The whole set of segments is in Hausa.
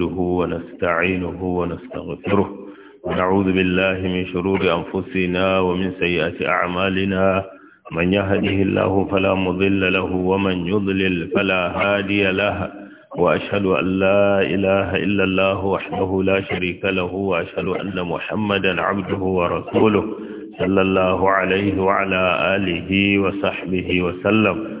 نحمده ونستعينه ونستغفره ونعوذ بالله من شرور أنفسنا ومن سيئات أعمالنا من يهده الله فلا مضل له ومن يضلل فلا هادي له وأشهد أن لا إله إلا الله وحده لا شريك له وأشهد أن محمدا عبده ورسوله صلى الله عليه وعلى آله وصحبه وسلم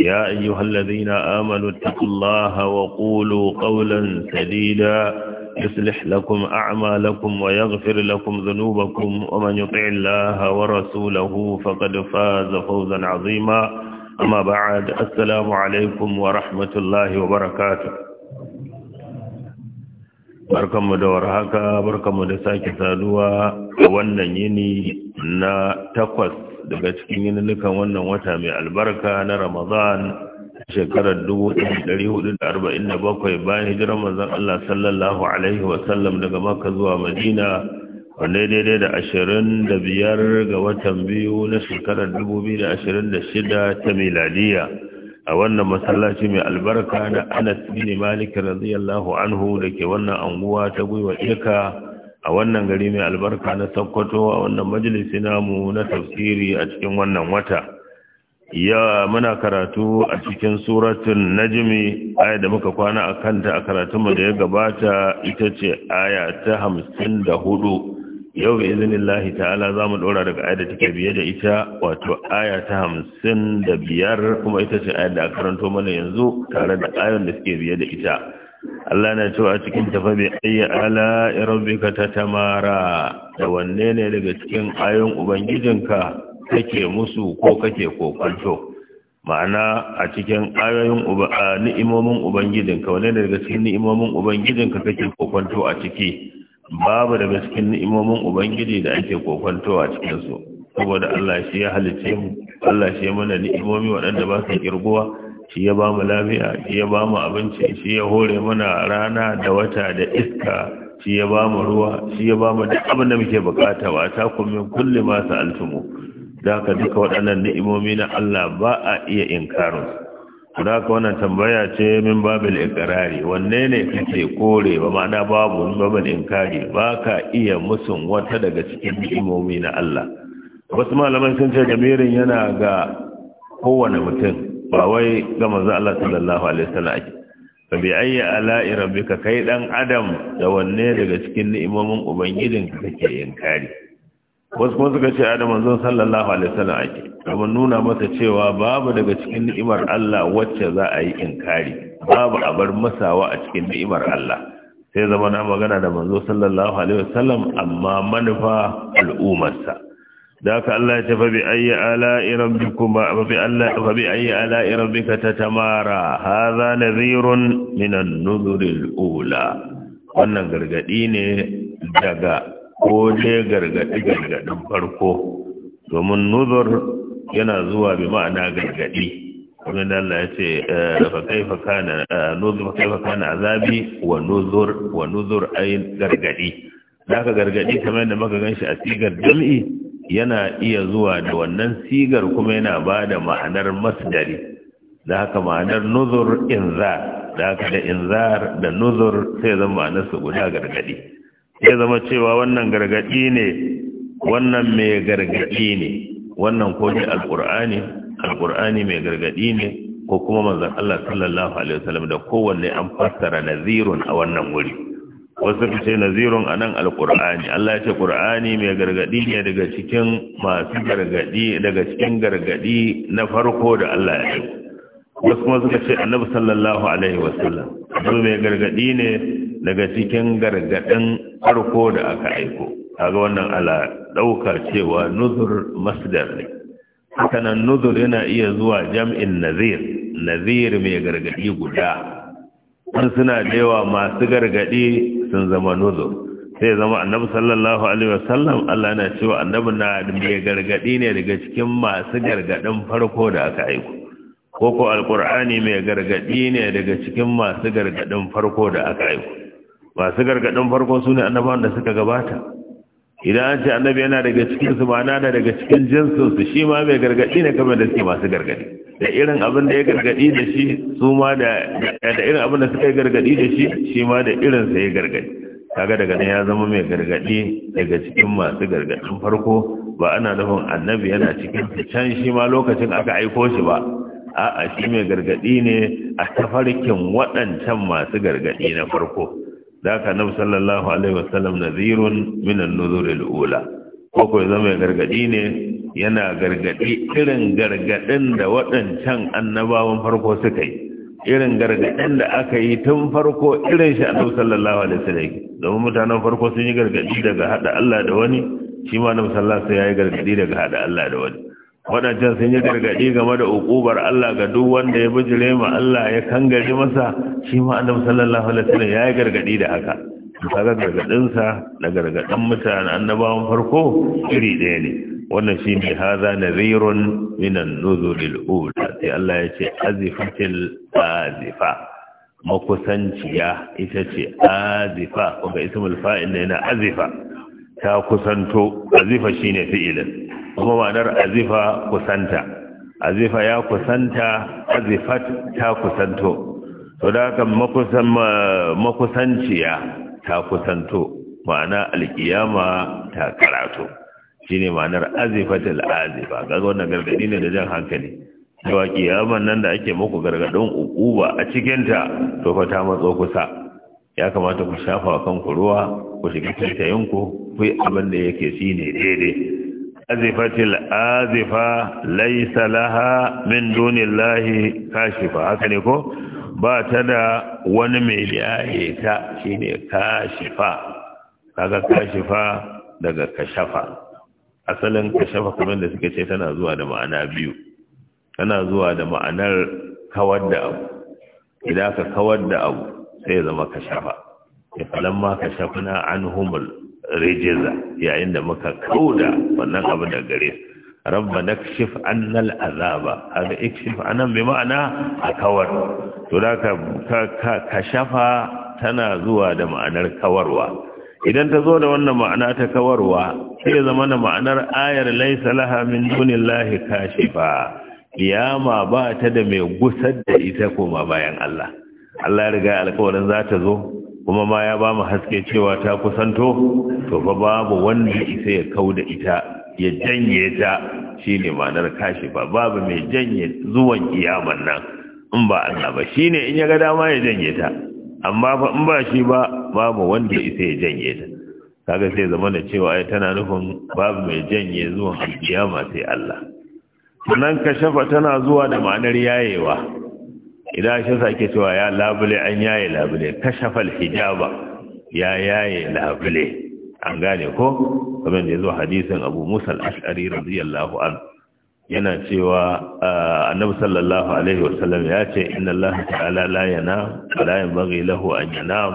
يا أيها الذين آمنوا اتقوا الله وقولوا قولا سديدا يصلح لكم أعمالكم ويغفر لكم ذنوبكم ومن يطع الله ورسوله فقد فاز فوزا عظيما أما بعد السلام عليكم ورحمة الله وبركاته barkanmu da warhaka barkanmu da sake saduwa a wannan yini na takwas daga cikin yininukan wannan wata mai albarka na Ramadan shekarar 1447 bayan hijirar manzon Allah sallallahu alaihi wa sallam daga Makka zuwa Madina wanda daidai da 25 ga watan biyu na shekarar 2026 ta miladiya a wannan masallaci mai albarka na Anas bin Malik radiyallahu anhu dake wannan anguwa ta gwiwa Ika. a wannan gari mai albarka na Sakkwato, a wannan majalisi namu na tafsiri a cikin wannan wata ya muna karatu a cikin suratun najmi aya da muka kwana a kanta a karatunmu da ya gabata ita ce aya ta hamsin da hudu yau bi izinillahi ta'ala za mu ɗora daga aya da take biye da ita wato aya ta hamsin da biyar kuma ita ce aya da a karanto mana yanzu tare da ayon da suke biye da ita Allah na a cikin tafabi ayya ala rabbika tatamara da wanne ne daga cikin ayon ubangijinka kake musu ko kake kokonto ma'ana a cikin ayoyin ni'imomin ubangijinka wanne ne daga cikin ni'imomin ubangijinka kake kokonto a ciki babu daga cikin ni'imomin ubangiji da ake kokonto a cikin su saboda Allah shi ya halice mu Allah shi ya mana ni'imomi waɗanda ba su kirguwa shi ya ba mu lafiya shi ya ba mu abinci shi ya hore mana rana da wata da iska shi ya ba mu ruwa shi ya ba mu duk abin da muke bukata wa ta min kulli ma altumu da ka duka waɗannan ni'imomi na Allah ba a iya inkarin su da ka wannan tambaya ce min babil ikrari wanne ne kake kore ba ma'ana babu min babil inkari ba ka iya musun wata daga cikin ni'imomi na Allah wasu malaman sun ce jamirin yana ga kowane mutum ba wai ga manzo Allah sallallahu alaihi wasallam ake fa bi ayyi ala'i rabbika kai dan adam da wanne daga cikin ni'imomin ubangijin ka kake inkari wasu kuma suka ce adam manzo sallallahu alaihi wasallam ake kuma nuna masa cewa babu daga cikin ni'imar Allah wacce za a yi inkari babu abar masawa a cikin ni'imar Allah sai zama na magana da manzo sallallahu alaihi wasallam amma manufa al'umarsa da haka Allah ya ce fa bi ayi ala'i rabbikuma fa bi Allah fa bi ayi ala'i ula wannan gargadi ne daga ko dai gargadi gargadin farko domin nuzur yana zuwa bi ma'ana gargadi kuma da Allah ya ce eh, fa kaifa kana eh, nuzur kaifa kana azabi wa nuzur wa nuzur ay gargadi da haka gargadi kamar da muka ganshi a sigar jami'i yana iya zuwa da wannan sigar kuma yana ba da ma'anar masdari da haka ma'anar nuzur inzar da haka da inzar da nuzur sai zama su guda gargadi sai zama cewa wannan gargadi ne wannan mai gargadi ne wannan ko ne alkur'ani alkur'ani mai gargadi ne ko kuma manzon Allah sallallahu alaihi wasallam da kowanne an fassara nazirun a wannan wuri wasu ka ce nazirun a nan alƙur'ani Allah ya ce ƙur'ani mai gargaɗi ne daga cikin masu gargaɗi daga cikin gargaɗi na farko da Allah ya yi wasu kuma suka ce annabi sallallahu alaihi wasallam su mai gargaɗi ne daga cikin gargaɗin farko da aka aiko kaga wannan ala ɗauka cewa nuzur masdar ne hakanan nuzur yana iya zuwa jam'in nazir nazir mai gargaɗi guda in suna da yawa masu gargadi sun zama nuzur sai zama annabi sallallahu alaihi wasallam Allah yana cewa annabi na da gargadi ne daga cikin masu gargadin farko da aka aika ko ko alqur'ani mai gargadi ne daga cikin masu gargadin farko da aka aika masu gargadin farko sune annabawan da suka gabata idan an ce annabi yana daga cikin su ma'ana daga cikin jinsin su shi ma mai gargadi ne kamar da suke masu gargadi da irin abin da ya gargadi da shi su ma da irin abin da suka yi gargadi da shi shi ma da irinsa ya gargadi kaga daga nan ya zama mai gargadi daga cikin masu gargadin farko ba ana nufin annabi yana cikin can shi ma lokacin aka aiko shi ba a'a shi mai gargadi ne a tafarkin waɗancan masu gargadi na farko da aka nabi sallallahu alaihi wasallam nazirun minan nuzuril ula ko ko zama gargadi ne yana gargadi irin gargadin da waɗancan annabawan farko suka yi irin gargadin da aka yi tun farko irin shi annabi sallallahu alaihi wasallam domin mutanen farko sun yi gargadi daga hada Allah da wani shi ma annabi sallallahu alaihi wasallam ya yi gargadi daga hada Allah da wani waɗancan sun yi gargadi game da ukubar Allah ga duk wanda ya bijire ma Allah ya kangare masa shi ma annabi sallallahu alaihi wasallam ya yi gargadi da haka da gadinsa da gargadin mutane annabawan farko iri ɗaya ne wannan shi ne haza na zirun minan nuzulil ula sai Allah ya ce azifatil azifa makusanciya ita ce azifa kuma ismul fa'il ne na azifa ta kusanto azifa shine fi'ilin kuma ma'anar azifa kusanta azifa ya kusanta azifat ta kusanto to da haka makusanciya ta kusanto ma'ana alkiyama ta karato shine ma'anar azifatul azifa ga wannan gargadi ne da jan hankali cewa kiyaman nan da ake muku gargadin ukuba a cikin ta to fa ta matso kusa ya kamata ku shafa wa kanku ruwa ku shiga yanku, ku yi abin da yake ne daidai azifatul azifa laysa laha min dunillahi kashifa haka ne ko ba ta da wani mai liyaye ta ne kashifa kaga kashifa daga kashafa asalin kashafa kamar da suka ce tana zuwa da ma'ana biyu tana zuwa da ma'anar kawar da abu idan ka kawar da abu sai zama kashafa ifalan ma na anhumul rijiza yayin da muka kauda wannan abu da gare su rabbana kashif annal azaba haka ikshif anan bi ma'ana a kawar to da ka kashafa tana zuwa da ma'anar kawarwa idan ta zo da wannan ma'ana ta kawarwa sai zama da ma'anar ayar laisa laha min dunillahi kashifa kiyama ba ta da mai gusar da ita koma bayan Allah Allah ya riga alƙawarin za ta zo kuma ma ya ba mu haske cewa ta kusanto to fa babu wanda isa ya kau da ita ya janye ta shine ma'anar ba, babu mai janye zuwan iyaman nan in ba Allah ba ne in ya ga dama ya janye ta amma fa in ba shi ba babu wanda isa ya janye ta kaga sai zama da cewa ai tana nufin babu mai janye zuwan iyama sai Allah sannan kashafa tana zuwa da ma'anar yayewa idan shi sake cewa ya labule an yaye labule kashafa hijaba ya yaye labule an gane ko kamar da ya zo hadisin abu Musa ash'ari radiyallahu an yana cewa ah, annabi sallallahu alaihi wasallam ya ce inna allaha ta'ala la yanam la yanbaghi lahu an yanam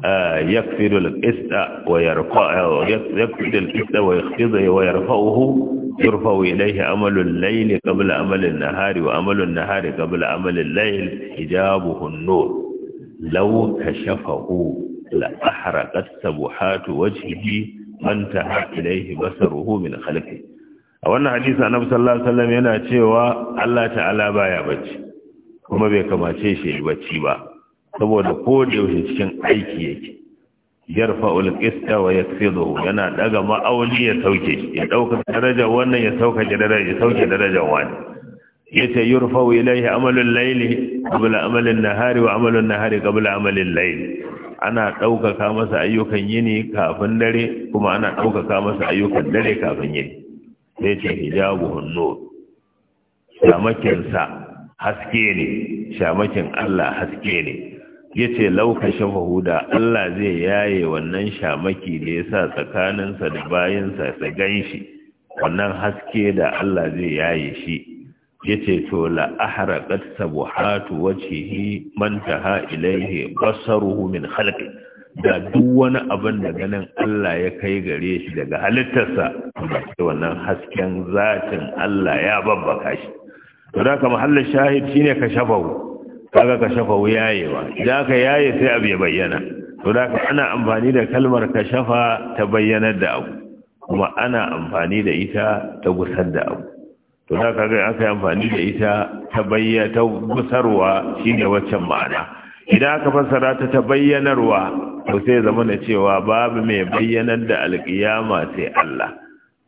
ah, yakfiru al-qista wa yarfa'u yakfiru al-qista wa yakhfidu wa yarfa'uhu يرفع إليه عمل الليل قبل عمل النهار وعمل النهار قبل عمل الليل حجابه النور لو لأحرقت سبحات وجهه وانتهى إليه بصره من خلقه a wannan hadisi annabi sallallahu alaihi wasallam yana cewa Allah ta'ala baya bacci kuma bai kamace shi ya bacci ba saboda ko da yaushe cikin aiki yake yarfa'ul qista wa yakfiduhu yana daga ma'auni ya sauke ya dauka daraja wannan ya sauka daraja ya sauke daraja wani yace yurfa'u ilayhi amalul layli qabla amalin nahari wa amalun nahari qabla amalil layli ana ɗaukaka masa ayyukan yini kafin dare kuma ana ɗaukaka masa ayyukan dare kafin yini sai ce hijabu hunnu shamakinsa haske ne shamakin Allah haske ne ya ce laukashin huda Allah zai yaye wannan shamaki da ya sa tsakaninsa da bayansa da ganshi wannan haske da Allah zai yaye shi ce to la ahraqat sabuhatu wajhihi man taha ilayhi basaruhu min khalqi da duk wani abin da ganin Allah ya kai gare shi daga halittarsa da wannan hasken zatin Allah ya babbaka shi to da ka mahallin shahid shine ka shafahu kaga ka shafahu yayewa idan ka yaye sai abu ya bayyana to da ka ana amfani da kalmar ka shafa ta bayyanar da abu kuma ana amfani da ita ta gusar da abu to za ka ga aka yi amfani da ita ta bayyana ta gusarwa shine waccan ma'ana idan aka fassara ta ta bayyanarwa to sai zama na cewa babu mai bayyanar da alkiyama sai Allah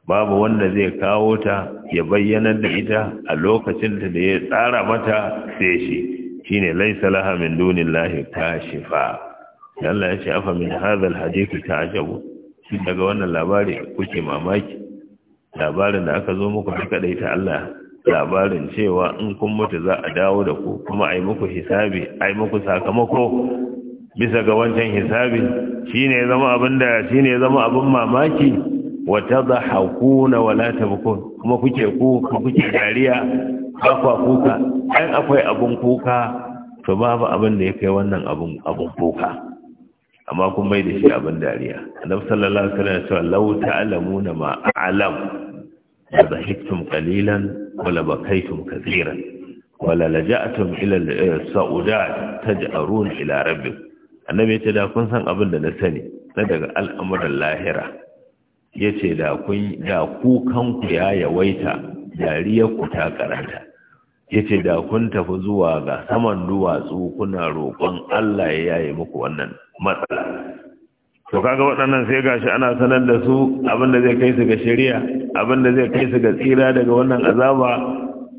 babu wanda zai kawo ta ya bayyanar da ita a lokacin da ya tsara mata sai shi shine laisa laha min dunillahi kashifa Allah ya ce afa min hadha alhadith ta'jabu daga wannan labari kuke mamaki labarin da aka zo muku haka dai ta Allah labarin cewa in kun mutu za a dawo da ku kuma ai muku hisabi yi muku sakamako bisa ga wancan hisabi ne zama abin da ne zama abin mamaki wata wa tadhakuna na la bukun kuma kuke ku kuke dariya ba kuka ɗan akwai abin kuka to babu abin da ya kai wannan abin kuka amma kun mai da shi abin dariya annabi sallallahu alaihi wasallam ya ce law ta'lamuna ma a'lam la dhahiktum qalilan wa la bakaytum kathiran wa la laja'tum ila al-sa'udat taj'arun ila rabbik annabi ya ce da kun san abin da na sani na daga al'amuran lahira Yace da kun da ku kanku ya yawaita dariyar ku ta karanta Ya ce da kun tafi zuwa ga saman duwatsu kuna roƙon Allah ya yaye muku wannan matsala to kaga waɗannan sai gashi ana sanar da su abinda zai kai su ga shari'a abinda zai kai su ga tsira daga wannan azaba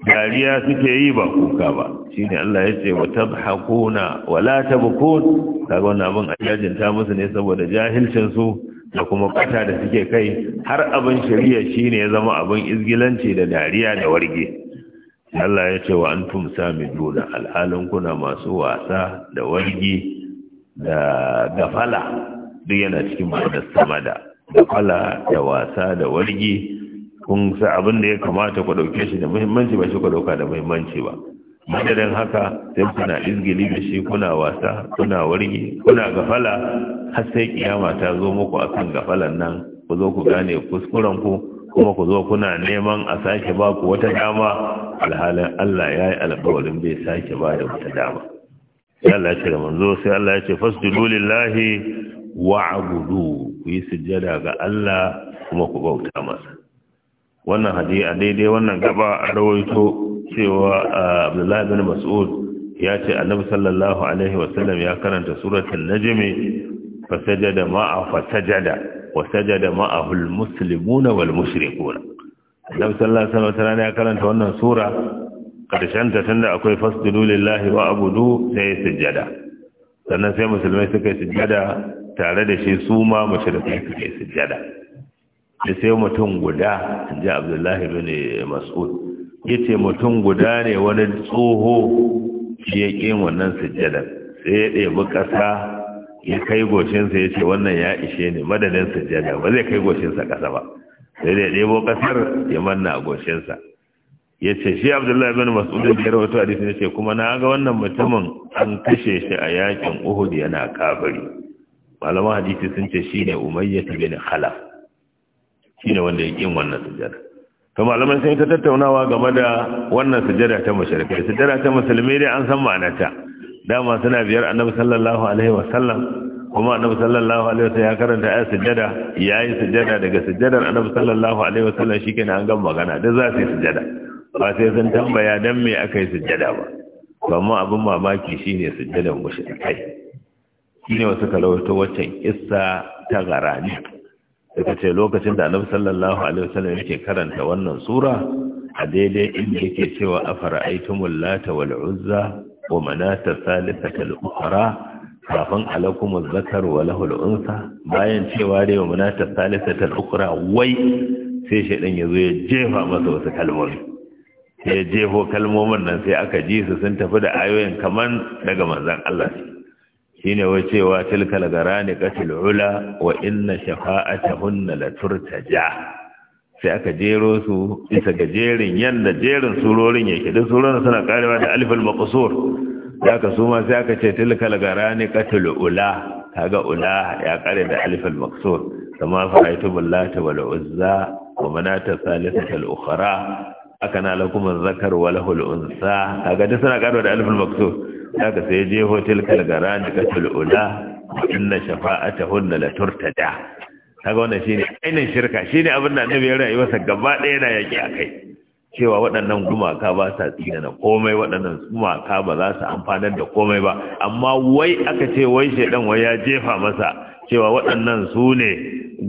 dariya suke yi ba kuka ba shine Allah yace wa tabhakuna wa la tabkun kaga wannan abin ajajin ta musu ne saboda jahilcin su da kuma kata da suke kai har abin shari'a shine ya zama abin izgilanci da dariya da warge Allah ya ce wa antum samiduna alhalin kuna masu wasa da wargi da gafala duk yana cikin ma'anar samada gafala da wasa da wargi kun sa abin da ya kamata ku dauke shi da muhimmanci ba shi ku dauka da muhimmanci ba madadin haka sai kuna izgili da shi kuna wasa kuna wargi kuna gafala har sai kiyama ta zo muku akan gafalan nan ku zo ku gane kuskuren ku kuma ku zo kuna neman a sake ba ku wata dama alhalin Allah ya yi alƙawarin bai sake ba da wata dama sai Allah ya ce da manzo sai Allah ya ce fasjudu lillahi wa'budu ku yi sujjada ga Allah kuma ku bauta masa wannan hadisi a daidai wannan gaba a rawaito cewa Abdullahi bin Mas'ud ya ce Annabi sallallahu alaihi wasallam ya karanta suratul najmi fasajada ma'a fasajada wasajada ma'ahul muslimuna wal mushrikuna annabi sallallahu alaihi wasallam ya karanta wannan sura karshen ta tunda akwai fasdulu lillahi wa abudu sai sujada sannan sai musulmai suka sujada tare da shi su ma mushrikai suka sujada sai mutum guda inji abdullahi bin mas'ud yace mutum guda ne wani tsoho shi ya wannan sujada sai ya ɗebi ƙasa ya kai goshinsa ya ce wannan ya ishe ne madadin sujjada ba zai kai goshinsa ƙasa ba sai dai ɗebo ƙasar ya manna a goshinsa ya ce shi abdullahi bin mas'udin da ya rawato hadisi ya ce kuma na ga wannan mutumin an kashe shi a yakin uhud yana kafiri malaman hadisi sun ce shi ne umayya bin khalaf Shi ne wanda ya yin wannan sujada. to malaman sun ta tattaunawa game da wannan sujada ta mushrikai Sujada ta musulmi dai an san ma'anarta dama suna biyar annabi sallallahu alaihi wasallam kuma annabi sallallahu alaihi wasallam ya karanta ayat sujada yayi sujada daga sujadar annabi sallallahu alaihi wasallam shikenan an gan magana da za su yi sujada ba sai sun tambaya dan me aka yi sujada ba amma abin mamaki shine sujadan mushrikai shine wasu kalawato waccan issa ta garani daga ce lokacin da annabi sallallahu alaihi wasallam yake karanta wannan sura a daidai inda yake cewa afara'aytumul lata wal uzza wa manata thalithata al-ukhra kafin alakum az-zakar wa bayan cewa dai wa manata thalithata al-ukhra wai sai shedan yazo ya jefa masa wasu kalmomi sai ya jefo kalmomin nan sai aka ji su sun tafi da ayoyin kaman daga manzon Allah shine wai cewa tilkal garani qatil ula wa ta shafa'atahunna la turtaja sai aka jero su bisa ga jerin yadda jerin surorin yake duk surorin suna karewa da alifin makusur da aka suma sai aka ce tilkal garani qatul ula ga ula ya kare da alifin makusur kama bala billata wal uzza wa manata ta ukhra aka na lakum zakar wa hulunsa. unsa kaga duk suna karewa da alifin makusur da aka sai jeho tilkal garani qatul ula inna shafa'atahunna la turtada kaga wannan shine ainihin shirka shine abin da annabi ya rayuwarsa gaba ɗaya yana yaki a kai cewa waɗannan gumaka ba sa komai waɗannan gumaka ba za su amfanar da komai ba amma wai aka ce wai shaidan wai ya jefa masa cewa waɗannan su ne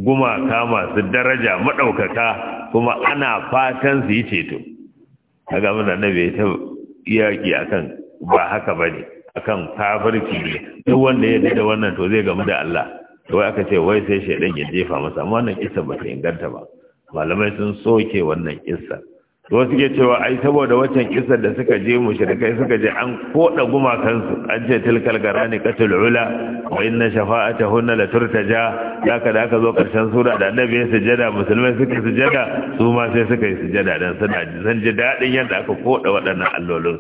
gumaka masu daraja maɗaukaka kuma ana fatan su yi ceto abin da annabi ta yaki akan ba haka bane akan kafirci ne duk wanda ya da wannan to zai gamu da Allah to aka ce wai sai shaidan ya jefa masa amma wannan kissa ba ta inganta ba malamai sun soke wannan kissa to suke cewa ai saboda waccan kissa da suka je mu shirikai suka je an koda su an ce tilkal garani qatul ula wa inna shafa'atahunna la turtaja haka da aka zo karshen sura da annabi ya sujada musulmai suka sujada su ma sai suka yi sujada dan suna san ji dadin yadda aka koda waɗannan allolin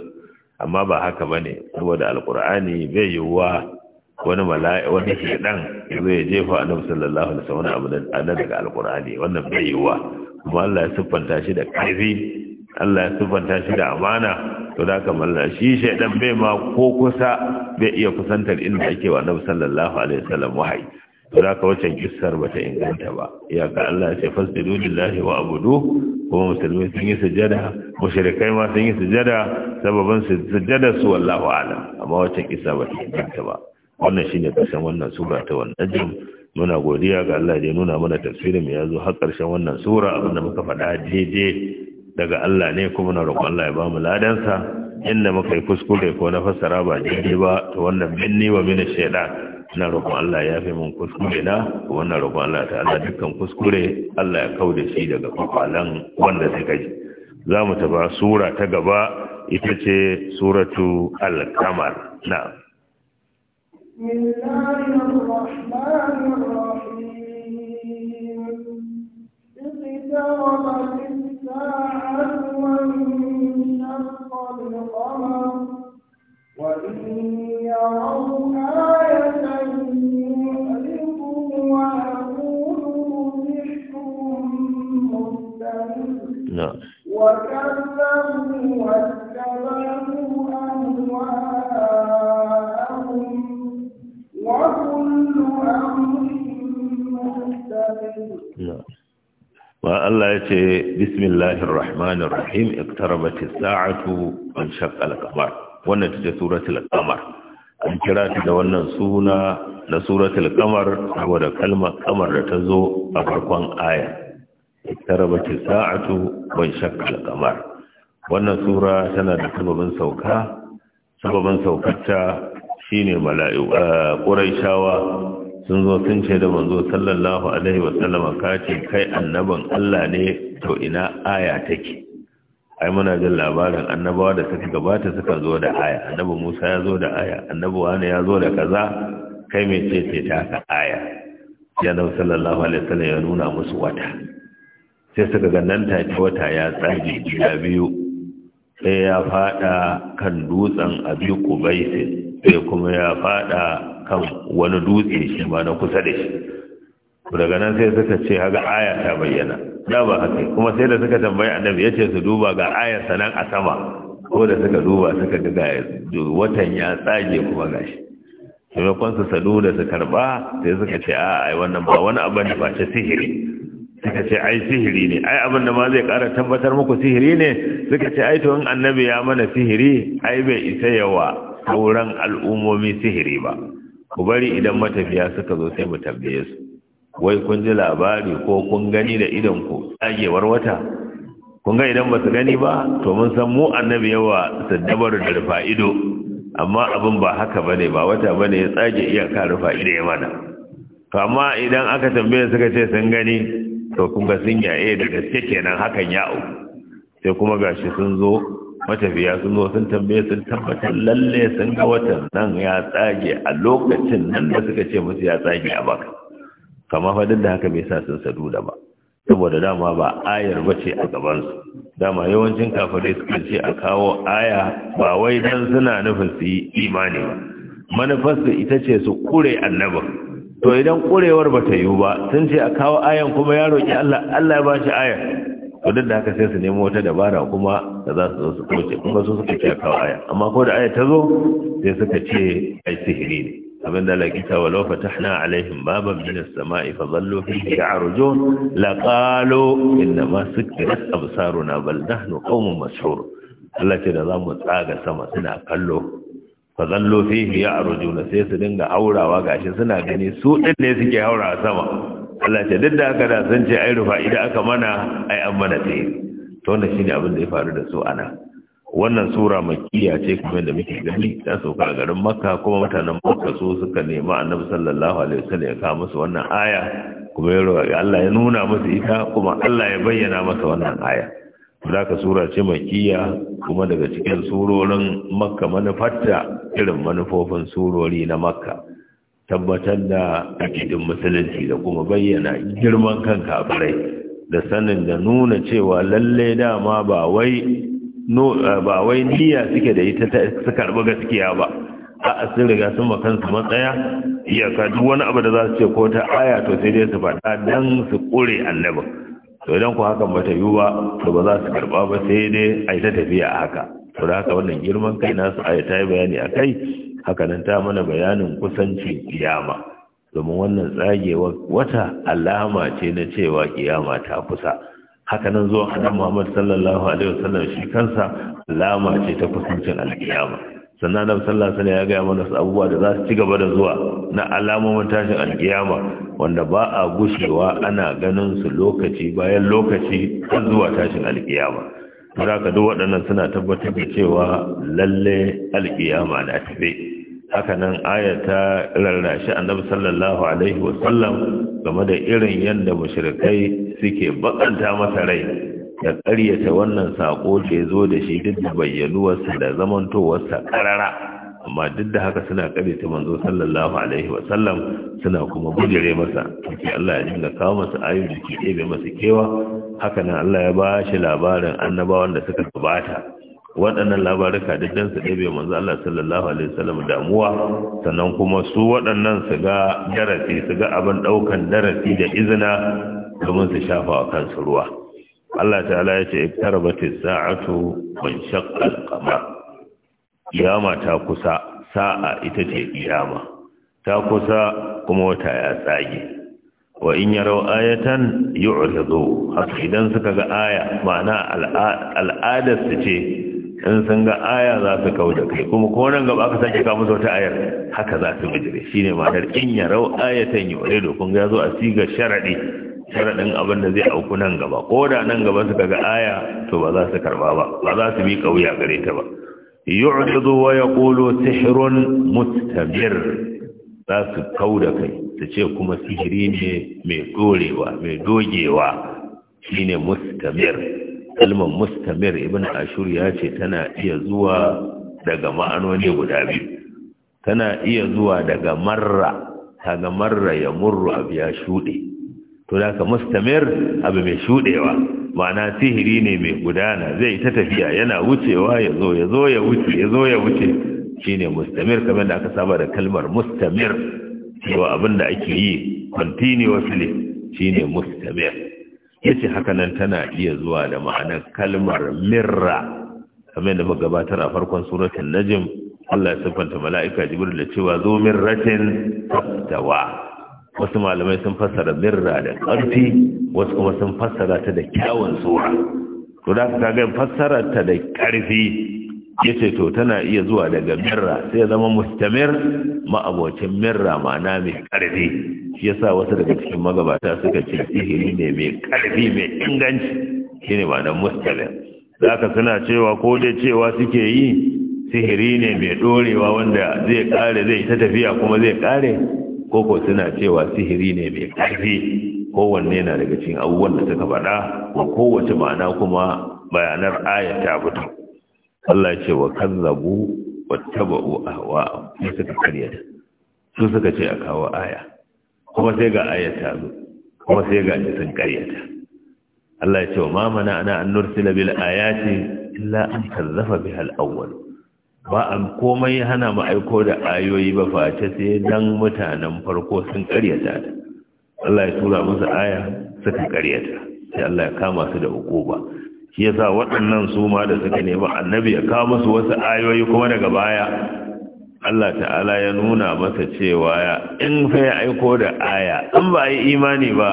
amma ba haka bane saboda alqur'ani bai yiwuwa wani mala'i wani shedan zai jefa jefa annabi sallallahu alaihi wasallam abu da daga alqur'ani wannan bai wa kuma Allah ya siffanta shi da ƙarfi Allah ya siffanta shi da amana to da ka mallan shi shedan bai ma ko kusa bai iya kusantar inda yake wa annabi sallallahu alaihi wasallam wahayi to da ka wacce kissar ta inganta ba ka Allah ya ce fasjudu lillahi wa abudu kuma musulmi sun yi sujada mushrikai ma sun yi sujada sababan sujada su wallahu alam amma wacce kissa ta inganta ba wannan shi ne karshen wannan sura ta wannan ajin muna godiya ga Allah da ya nuna mana tafsirin ya zo har karshen wannan sura abinda muka faɗa daidai daga Allah ne kuma na roƙon Allah ya ba mu ladansa inda muka yi kuskure ko na fassara ba daidai ba to wannan binni wa mini shaida. na roƙon Allah ya fi mun kuskure na wannan roƙon Allah ta Allah dukkan kuskure Allah ya kau shi daga kwakwalan wanda ta kai za mu taba sura ta gaba ita ce suratu alkamar na بسم الله الرحمن الرحيم اقتربت الساعة وانشق القمر وإن يروا آية يعرضوا ويقولوا سحر مستمر نعم. وكذبوا ba Allah ya ce bismillahir rahmanir rahim iqtarabat as-sa'atu an shaqqa al-qamar wannan ta suratul qamar an kira ta da wannan suna na suratul qamar saboda kalmar qamar da ta zo a farkon aya iqtarabat as-sa'atu wa shaqqa al-qamar wannan sura tana da sababin sauka sababin saukarta shine mala'iku eh, quraishawa sun zo sun ce da manzo sallallahu alaihi wasallam ka ce kai annaban Allah ne to ina aya take ai muna jin labarin annabawa da suka gabata suka zo da aya annabi Musa ya zo da aya annabi Wani ya zo da kaza kai me ce ce ta ka aya ya nabi sallallahu alaihi wasallam ya nuna musu wata sai suka ga nan take wata ya tsage gida biyu sai ya fada kan dutsen abi kubaisin sai kuma ya fada kan wani dutse shi ma na kusa da shi daga nan sai suka ce haga aya ta bayyana da ba haka kuma sai da suka tambayi annabi ya ce su duba ga ayar sanan a sama ko da suka duba suka ga watan ya tsage kuma gashi maimakon su sadu da su karba sai suka ce a ai wannan ba wani abin da face sihiri suka ce ai sihiri ne ai abin da ma zai kara tabbatar muku sihiri ne suka ce ai to in annabi ya mana sihiri ai bai isa yawa sauran al'ummomi sihiri ba ku bari idan matafiya suka zo sai mu tambaye su wai kun ji labari ko kun gani da idan ku tsagewar wata kun ga idan basu gani ba to mun san mu annabi yawa saddabar da rufa ido amma abin ba haka bane ba wata bane ya tsage iyaka rufa ido ya mana to amma idan aka tambaye suka ce sun gani to kun ga sun yaye da gaske kenan hakan au sai kuma gashi sun zo matafiya sun zo sun tambaye sun tabbatar lalle sun ga watan nan ya tsage a lokacin nan da suka ce musu ya tsage a baka kama fa duk da haka bai sa sun sadu da ba saboda dama ba ayar ce a gabansu dama yawancin kafirai suka ce a kawo aya ba wai dan suna nufin su yi imani ba manufarsu ita ce su kure annabin to idan kurewar ba ta yiwu ba sun ce a kawo ayan kuma ya roƙi Allah Allah ya ba shi ayan to da haka sai su nemo wata dabara kuma da za su zo su kauce kuma su suka ce kawo aya amma ko da aya ta zo sai suka ce ai sihiri ne abin da laki ta walau fatahna alaihim baban min as-sama'i fa dhallu fihi ya'rujun la qalu inna ma sukkirat absaruna bal nahnu qaumun mashhur Allah ce da za mu tsaga sama suna kallo fa dhallu fihi ya'rujun sai su dinga haurawa gashi suna gani su din ne suke haurawa sama Allah ce duk da haka da sun ce ai rufa idan aka mana ai an mana tsaye to wannan shine abin da ya faru da su ana wannan sura makkiya ce kuma da muke gani ta sauka a garin makka kuma mutanen makka su suka nemi annabi sallallahu alaihi wasallam ya kawo musu wannan aya kuma ya roƙi Allah ya nuna musu ita kuma Allah ya bayyana masa wannan aya zaka sura ce makkiya kuma daga cikin surorin makka manufarta irin manufofin surori na makka tabbatar da akidin musulunci da kuma bayyana girman kan kafirai da sanin da nuna cewa lalle dama ba wai no eh, niyya suke da ita ta su gaskiya ba a sun riga sun kansu matsaya iyaka duk wani abu da za su ce ko ta aya to sai dai su faɗa dan su kure annabin to idan ku hakan bata yi ba to ba za su karba ba sai dai a yi ta tafiya a haka to da haka wannan girman kai nasu aya ta yi bayani a kai haka nan ta mana bayanin kusanci kiyama domin wannan tsagewar wata alama ce na cewa kiyama ta kusa haka nan zuwa annabi Muhammad sallallahu alaihi wasallam shi kansa alama ce ta kusancin alkiyama sannan annabi sallallahu alaihi ya gaya mana abubuwa da za su ci gaba da zuwa na alamomin tashin alkiyama wanda ba a gushewa ana ganin su lokaci bayan lokaci har zuwa tashin alkiyama saboda duk waɗannan suna tabbatar da cewa lalle alkiyama na tafe hakanan aya ta rarrashi annabi sallallahu alaihi wasallam game da irin yadda mushrikai suke bakanta masa rai da ƙaryata wannan sako ke ya zo da shi duk da bayyanuwarsa da zamantowarsa ƙarara amma duk da haka suna ƙaryata manzo sallallahu alaihi wasallam suna kuma bujire masa sai Allah ya dinga kawo masa ayu da ke ɗebe masa kewa hakanan Allah ya ba shi labarin annabawan da suka gabata waɗannan labarin duk dan su ɗabe manzo Allah sallallahu alaihi wasallam damuwa sannan kuma su waɗannan su ga darasi su ga abin ɗaukan darasi da izina domin su shafa wa kansu ruwa Allah ta'ala ya ce iktarabatis sa'atu wan shaqqa al-qamar kiyama ta kusa sa'a ita ce kiyama ta kusa kuma wata ya tsage wa in yaro ayatan yu'ridu haka idan suka ga aya ma'ana al'adarsu ce in sun ga aya za su kau da kai kuma ko nan gaba aka sake kawo musu wata ayar haka za su bijire shine ma'anar in ya rau ayatan kun ga zo a siga sharadi sharadin abin da zai auku nan gaba ko da nan gaba suka ga aya to ba za su karba ba ba za su bi kauya gare ta ba yu'ridu wa yaqulu sihrun mustabir za su kau da kai su ce kuma sihiri ne mai dorewa mai dogewa shine mustamir kalmar mustamir ibn ashur ya ce tana iya zuwa daga ma'anoni guda biyu tana iya zuwa daga marra kaga marra ya murru abu ya shuɗe to da ka mustamir abu mai shuɗewa ma'ana sihiri ne mai gudana zai ta tafiya yana wucewa ya zo ya zo ya wuce ya zo ya wuce shine mustamir kamar da aka saba da kalmar mustamir cewa abin da ake yi continuously shine mustamir Ya ce hakanan tana iya zuwa da ma'anar kalmar mirra kamar da magabatar a farkon suratun najm Allah ya siffanta mala'ika jibril da cewa zo mirratin tawa wasu malamai sun fassara mirra da ƙarfi wasu kuma sun fassara ta da kyawun sura to ta ka ga fassara ta da ƙarfi ya ce to tana iya zuwa daga mirra sai zama mustamir ma'abocin mirra ma'ana mai ƙarfi shi yasa wasu daga cikin magabata suka ce sihiri ne mai ƙarfi mai inganci shi ne ma'anar mustamir za ka suna cewa ko dai cewa suke yi sihiri ne mai ɗorewa wanda zai ƙare zai ta tafiya kuma zai kare? ko ko suna cewa sihiri ne mai ƙarfi kowanne na daga cikin abubuwan da suka faɗa ko kowace ma'ana kuma bayanar aya ta fito Allah ce wa kazzabu wattaba'u ahwa'ahum sai suka karyata su suka ce a kawo aya kuma sai ga aya ta zo kuma sai ga shi sun karyata Allah ya ce wa ma mana ana an nursila bil ayati illa an kazzafa biha al awwal ba an komai hana mu aiko da ayoyi ba face sai dan mutanen farko sun karyata da. Allah ya tura musu aya suka karyata sai Allah ya kama su da hukuma shi yasa waɗannan su ma da suka nemi annabi ya kawo musu wasu ayoyi kuma daga baya Allah ta'ala ya nuna masa cewa ya in fa ya aiko da aya in ba a yi imani ba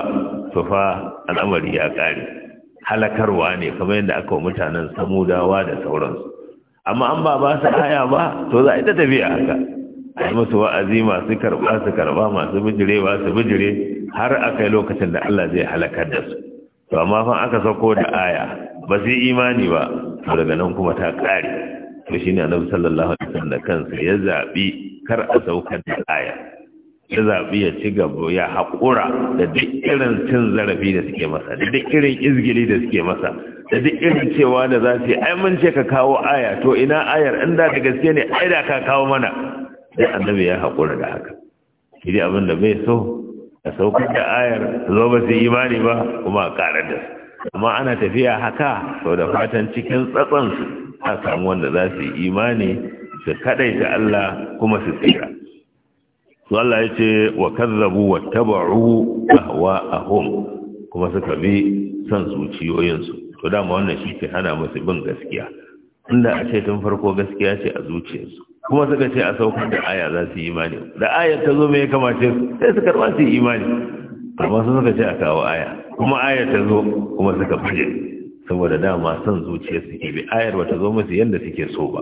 to fa al'amari ya kare halakarwa ne kamar yadda aka mutanen samudawa da sauransu amma an ba ba su aya ba to za a ita tafiya haka a yi musu wa'azi masu karba su karba masu bijire ba su bijire har aka yi lokacin da Allah zai halakar da su to amma fa aka sako da aya ba zai imani ba daga nan kuma ta kare to shine annabi sallallahu alaihi wasallam da kansa ya zabi kar a saukar da aya ya zabi ya ci gaba ya haƙura da duk irin cin zarafi da suke masa da duk irin izgili da suke masa da duk irin cewa da za su ai mun ce ka kawo aya to ina ayar in da gaske ne ai da ka kawo mana sai annabi ya haƙura da haka shi abin da bai so a saukar da ayar zo ba sai imani ba kuma a ƙarar da su amma ana tafiya haka to da fatan cikin tsatsansu a samu wanda za su yi imani su da Allah kuma su tsira su Allah ya ce wa kazzabu wa taba'u ahum kuma suka bi son zuciyoyinsu to dama wannan shi ke hana musu bin gaskiya inda a ce tun farko gaskiya ce a zuciyarsu kuma suka ce a saukar da aya za su yi imani da aya ta zo mai kamace sai su karɓa su yi imani amma sun suka ce a kawo aya kuma aya ta zo kuma suka fage. saboda dama son zuciya suke bi ayar bata zo musu yadda suke so ba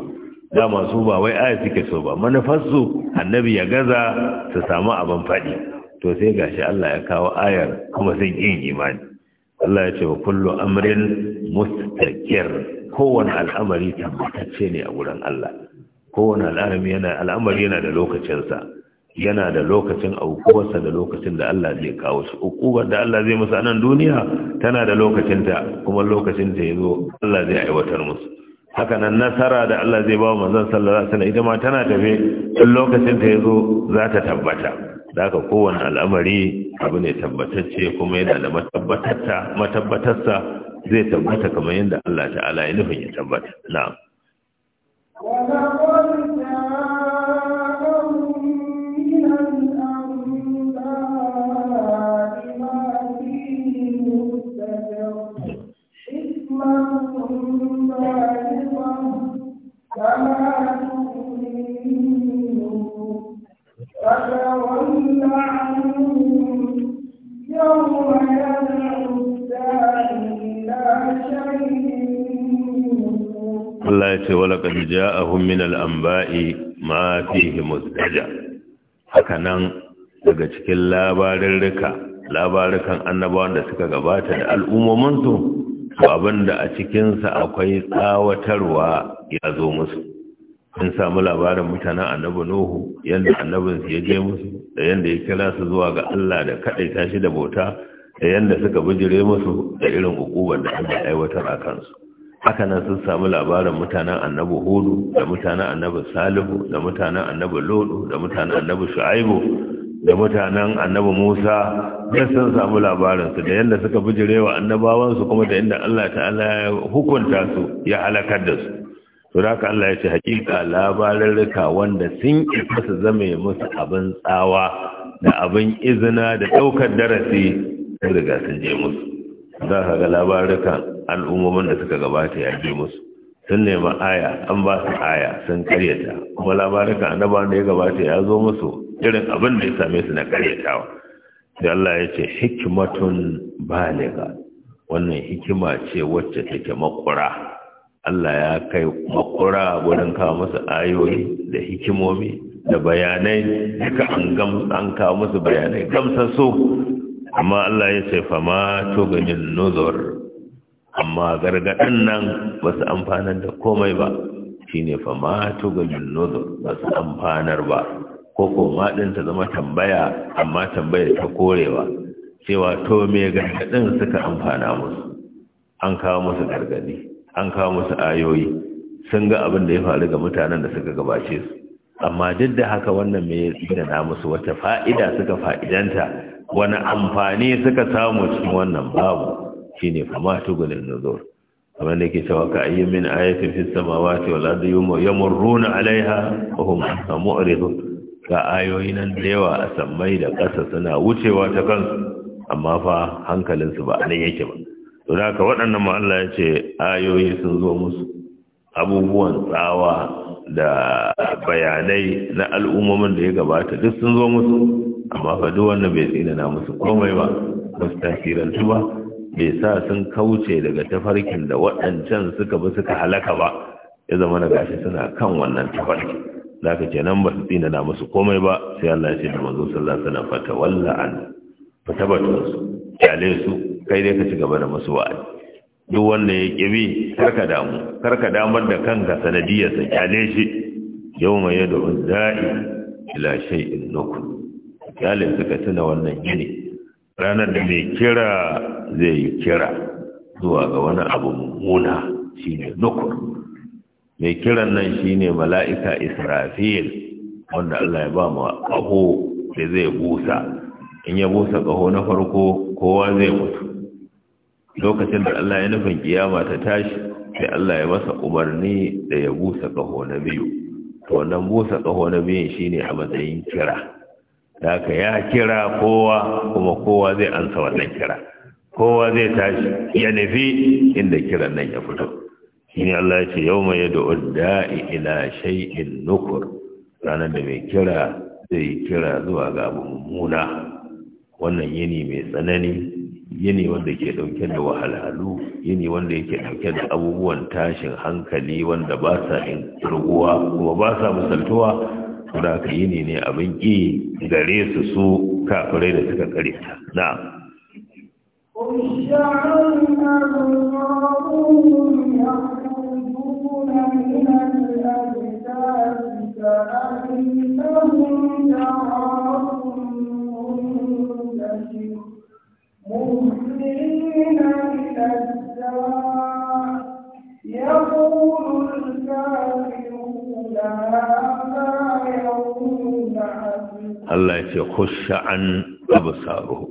dama su ba wai aya suke so ba manufarsu annabi ya gaza su samu abin faɗi to sai gashi Allah ya kawo ayar kuma sun yin imani Allah ya ce wa kullu amrin mustaqir kowane al'amari tabbatacce ne a gurin Allah kowane al'amari yana al'amari yana da lokacinsa yana da lokacin aukuwarsa da lokacin da Allah zai kawo shi aukuwar da Allah zai musu a nan duniya tana da lokacinta kuma lokacin ta yazo Allah zai aiwatar musu haka nan nasara da Allah zai ba manzon sallallahu alaihi wasallam ita ma tana tafe in lokacin ta yazo za ta tabbata ka kowane al'amari abu ne tabbatacce kuma yana da matabbatarsa matabbatarsa zai tabbata kamar yadda Allah ta'ala ya nufin ya tabbata na'am Allah ya ce wala kad a min al ma haka nan daga cikin labarin labarin labarukan annabawan da suka gabata da al'ummominsu, su da abinda a cikinsa akwai tsawatarwa ya zo musu sun samu labarin mutanen annabi nuhu yadda annabinsu ya je musu da yadda ya kira su zuwa ga Allah da kaɗai tashi da bauta da yadda suka bijire musu da irin hukubar da Allah aiwatar a kansu haka nan sun samu labarin mutanen annabi hudu da mutanen annabi salihu da mutanen annabi lodu da mutanen annabi shu'aibu da mutanen annabi musa da sun samu labarinsu da yadda suka bijire wa annabawansu kuma da inda Allah ta'ala ya hukunta su ya halakar da su to da haka Allah ya ce hakika rika wanda sun isa su zame musu abin tsawa da abin izina da ɗaukar darasi sun riga sun je musu za ka ga labarurrukan al'ummomin da suka gabata ya je musu sun nemi aya an ba su aya sun karyata kuma labarurrukan annabawan da ya gabata ya zo musu irin abin da ya same su na karyatawa sai Allah ya ce hikimatun baliga wannan hikima ce wacce take makura Allah ya kai makura wurin kawo masu ayoyi da hikimomi da bayanai duka an kawo musu bayanai gamsasso amma Allah ya ce fama tuganin nuzur amma gargaɗin nan ba su amfanar da komai ba shi ne fama tuganin nuzur ba su amfanar ba ko koma ɗin ta zama tambaya amma tambaya ta korewa cewa to me gargaɗin suka amfana musu an kawo musu gargaɗi an kawo musu ayoyi sun ga abin da ya faru ga mutanen da suka gabace su amma duk da haka wannan mai na musu wata fa'ida suka fa'idanta wani amfani suka samu cikin wannan babu shine fama na nuzur kamar da ke cewa ka ayyu min ayatin fis samawati wal ya yamurruna alaiha wa a anha mu'ridun ga ayoyi nan da yawa a sammai da ƙasa suna wucewa ta kansu amma fa hankalinsu ba nan yake ba to da ka waɗannan ma ya ce ayoyi sun zo musu abubuwan tsawa da bayanai na al'ummomin da ya gabata duk sun zo musu amma fa duk bai tsinana musu komai ba ba su ba bai sa sun kauce daga tafarkin da waɗancan suka bi suka halaka ba ya zama na gashi suna kan wannan tafarki da ce nan ba su tsinana musu komai ba sai Allah ya ce da manzo sallallahu alaihi wasallam fa an su kyale su kai dai ka ci gaba da masu wa'azi duk wanda ya kibi karka damu karka damar da kanka sanadiyar sa kyale shi yau mai yadda da'i ila shay'in nuku kyale suka tuna wannan gini. ranar da mai kira zai yi kira zuwa ga wani abu mummuna shine nukur mai kiran nan shine mala'ika israfil wanda Allah ya ba mu ƙaho da zai busa in ya busa kaho na farko kowa zai mutu lokacin da Allah ya nufin kiyama ta tashi sai Allah ya masa umarni da ya busa ƙaho na biyu to wannan busa ƙaho na biyu shine a matsayin kira haka ya kira kowa kuma kowa zai ansa wannan kira kowa zai tashi ya nufi inda kiran nan ya fito shine Allah ya ce yawma yad'u da'i ila shay'in nukur ranar da mai kira zai kira zuwa ga mummuna wannan yini mai tsanani yini wanda ke dauke da wahalhalu yini wanda yake dauke da abubuwan tashin hankali wanda ba sa in ruguwa kuma ba sa musaltuwa da ka yini ne abin ki gare su su kafirai da suka kare ta na كأنهم مسلمين إلى السماء يقول الكافرون هذا يوم Allah ya ce, Kusha an abu saruhu,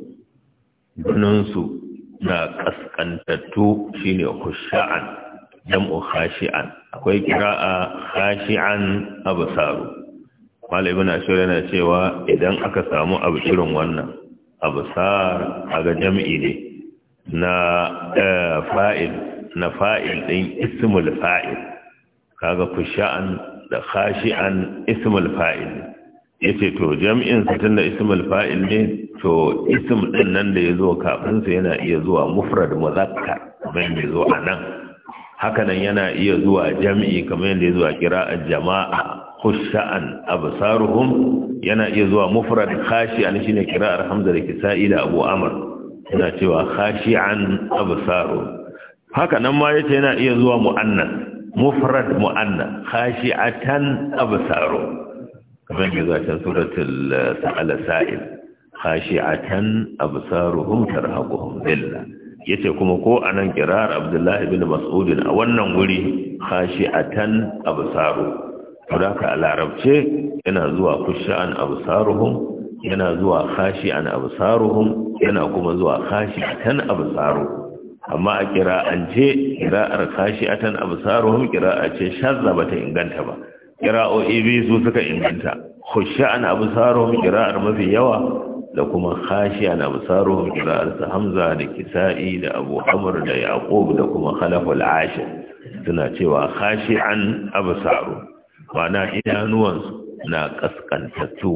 duninsu na kaskantattu shi ne kusha'an jam'u khashi'an akwai kira'a khashi'an abu saru malibin ashirin na cewa idan aka samu abu irin wannan absar aga jam'i ne na eh, fa'il na fa'il din ismul fa'il kaga kusha'an da khashi'an ismul fa'il yace to jam'in sa tunda ismul fa'il ne to ism din nan da yazo kafin sa yana iya zuwa mufrad muzakkar kamar yadda yazo nan. haka nan yana iya zuwa jam'i kamar yadda yazo a a jama'a khusha'an absaruhum yana iya zuwa mufrad khashi'an shine kira'ar hamza da kisa'i da abu amr yana cewa khashi'an absaru haka nan ma yace yana iya zuwa mu'annas mufrad mu'annas khashi'atan absaru kamar da zacen suratul eh, sa'ala sa'il khashi'atan absaruhum tarhaquhum dhillah yace kuma ko anan kirar abdullahi bin mas'ud a wannan wuri khashi'atan absaru haka a larabce yana zuwa an absaruhum yana zuwa an absaruhum yana kuma zuwa tan absaru amma a an kira'ance kira'ar tan absaruhum kira'a ce shazza bata inganta ba kira'o'i biyu su suka inganta an absaruhum kira'ar mafi yawa da kuma an absaruhum kira'ar su hamza da kisa'i da abu amr da yaqub da kuma khalaful ashir suna cewa an absaruhum kwana idanuwansu na kaskantattu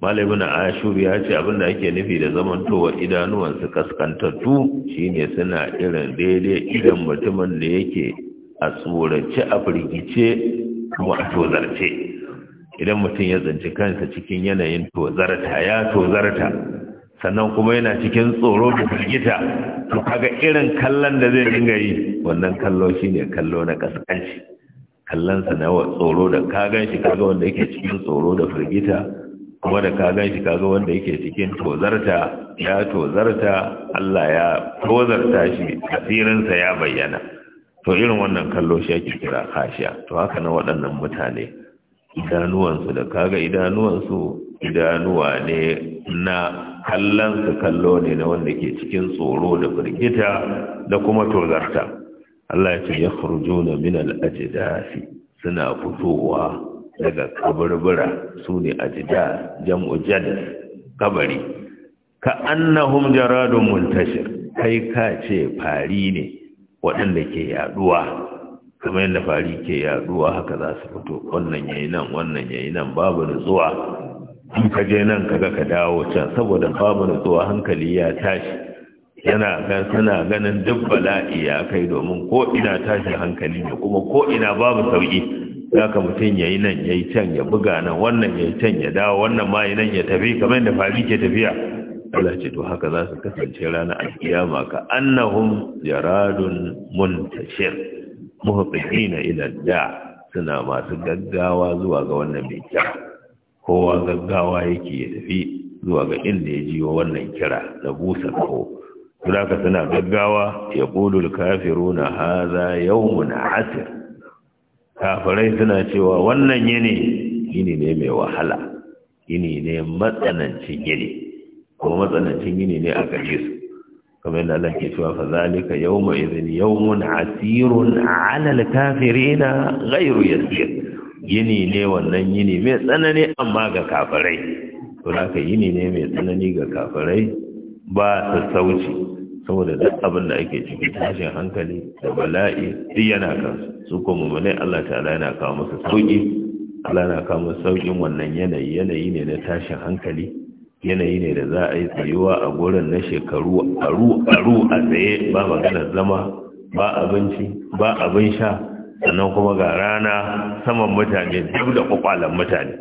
malamin ashur ya ce abinda ake nufi da zamantowa idanuwansu kaskantattu shine suna irin daidai idan mutumin da yake a tsorace a firgice kuma a tozarce idan mutum ya tsinci kansa cikin yanayin tozarta ya tozarta sannan kuma yana cikin tsoro da firgita to kaga irin kallon da zai dinga yi wannan kallo shine kallo na kaskanci kallonsa na tsoro da ka gan shi kaga wanda yake cikin tsoro da firgita kuma da ka gan shi kaga wanda yake cikin tozarta ya tozarta Allah ya tozarta shi asirinsa ya bayyana to irin wannan kallo shi ake kira kashiya to haka na waɗannan mutane idanuwansu da kaga idanuwansu idanuwa ne na kallonsu kallo ne na wanda ke cikin tsoro da firgita da kuma tozarta Allah ya ce ya furjo min minal ajidafi suna fitowa daga kabarbara su ne ajida jam'u jadas kabari ka annahum jaradun muntashir kai ka ce fari ne waɗanda ke yaduwa kamar yadda fari ke yaduwa haka za su fito wannan yayi nan wannan yayi nan babu nutsuwa in ka je nan kaga ka dawo can saboda babu nutsuwa hankali ya tashi yana tana ganin duk bala'i ya kai domin ko ina tashi hankali ne kuma ko ina babu sauki zaka mutum yayi nan yayi can ya buga nan wannan yayi can ya dawo wannan ma nan ya tafi kamar da fari ke tafiya Allah ce to haka za su kasance ranar alkiyama ka annahum jaradun muntashir muhqina ila da suna masu gaggawa zuwa ga wannan mai kira kowa gaggawa yake ya tafi zuwa ga inda ya jiwa wannan kira na busa kawo. Zaka suna gaggawa ya ƙudul kafiru na haza yawmun asir. Kafirai suna cewa wannan yini yini ne mai wahala, yini ne matsanancin yini, kuma matsanancin yini ne a gare su. Kamar yadda Allah ke cewa fa zalika yawma idhin yawmun asirun 'ala al-kafirina ghayru yasir. Yini ne wannan yini mai tsanani amma ga kafirai. Zaka yini ne mai tsanani ga kafirai ba sauci saboda duk abin da ake ciki tashin hankali da bala'i duk yana kan su ko mummunai Allah ta'ala yana kawo masa sauki Allah yana kawo masa saukin wannan yanayi yanayi ne na tashin hankali yanayi ne da za a yi tsayuwa a gurin na shekaru aru aru a tsaye ba magana zama ba abinci ba abin sha sannan kuma ga rana saman mutane duk da kwakwalan mutane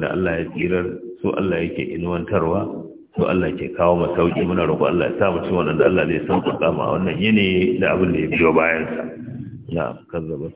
da Allah ya tsirar su Allah yake inuwantarwa to Allah ke kawo mu sauki muna roƙo Allah ya sa mu ci wannan Allah zai sauƙaƙa mu a wannan yini da abin da ya biyo bayan sa na kazzaba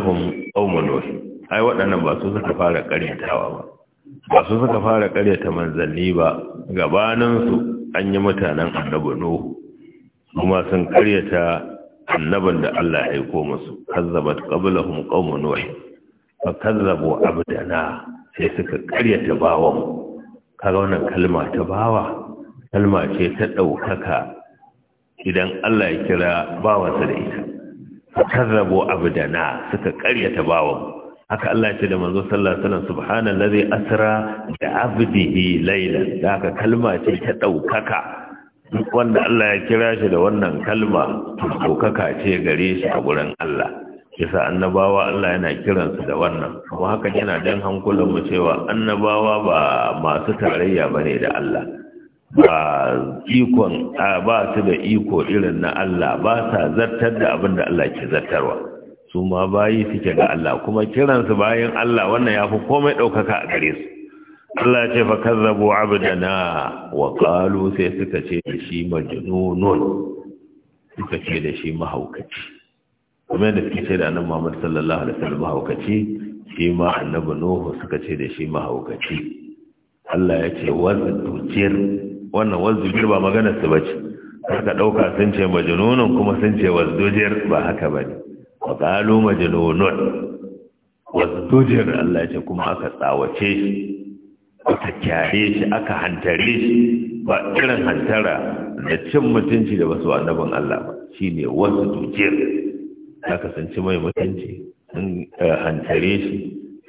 innahum qaumun nuh ai waɗannan ba su suka fara karyatawa ba ba su suka fara karyata manzanni ba gabanin su an yi mutanen annabi nuh kuma sun karyata annaban da Allah ya aiko musu kazzabat qablahum qaumun nuh fa kazzabu abdana sai suka karyata bawan kaga wannan kalma ta bawa kalma ce ta ɗaukaka idan Allah ya kira bawansa da ita karrabo abdana suka karyata bawan haka Allah ce da manzo sallallahu alaihi wasallam subhanallazi asra da abdihi laylan da haka kalma ce ta daukaka wanda Allah ya kira shi da wannan kalma daukaka ce gare shi a gurin Allah yasa annabawa Allah yana kiransu da wannan kuma haka yana dan hankulan mu cewa annabawa ba masu tarayya bane da Allah ba ikon ba su da iko irin na Allah ba sa zartar da abin da Allah ke zartarwa su ma bayi suke ga Allah kuma kiransu bayan Allah wannan ya fi komai ɗaukaka a gare su Allah ce fa kazzabu abdana wa qalu sai suka ce da shi majnunun suka ce da shi mahaukaci kuma da suke ce da annabi Muhammad sallallahu alaihi wasallam mahaukaci shi ma annabi Nuhu suka ce da shi mahaukaci Allah ya ce wa tujir wannan wazzubir ba maganar su bace haka ɗauka sun ce majnunun kuma sun ce wazdujir ba haka bane wa qalu majnunun wazdujir Allah ce kuma aka tsawace shi aka kyare shi aka hantare shi ba irin hantara da cin mutunci da basu annabin Allah ba shine wasu dukiyar sun kasance mai mutunci sun eh, hantare shi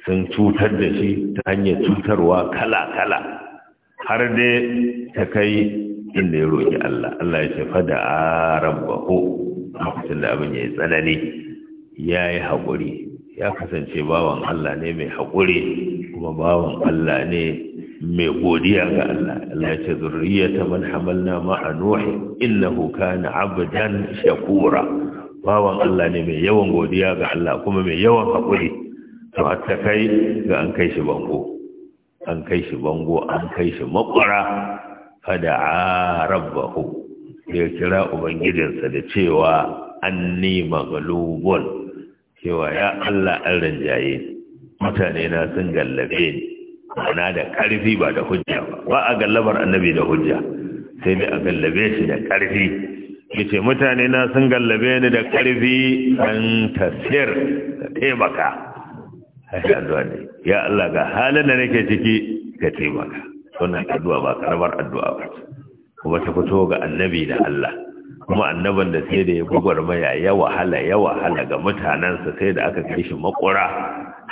sun cutar da shi ta hanyar cutarwa kala-kala har dai ta kai inda ya roƙi Allah Allah ya ce fada a rabbahu lokacin da abin ya yi tsanani ya yi haƙuri ya kasance bawan Allah ne mai haƙuri kuma bawan Allah ne mai godiya ga Allah Allah ya ce zurriyata man hamalna ma'a nuhi innahu kana abdan shakura bawan Allah ne mai yawan godiya ga Allah kuma mai yawan haƙuri to hatta kai ga an kai shi banko an kai shi bango an kai shi makwara rabba rabbahu ya kira ubangijinsa da cewa an anni maghlubun cewa ya Allah an rinjaye mutane na sun gallabe ana da ƙarfi ba da hujja ba ba a gallabar annabi da hujja sai dai a gallabe shi da karfi yace mutane na sun gallabe ni da ƙarfi an tasir da taimaka addu'a ne ya Allah ga halin da nake ciki ka taimaka wannan addu'a ba karamar addu'a ba kuma ta fito ga annabi da Allah kuma annaban da sai da ya maya ya wahala ya wahala ga mutanensa sai da aka kai shi makura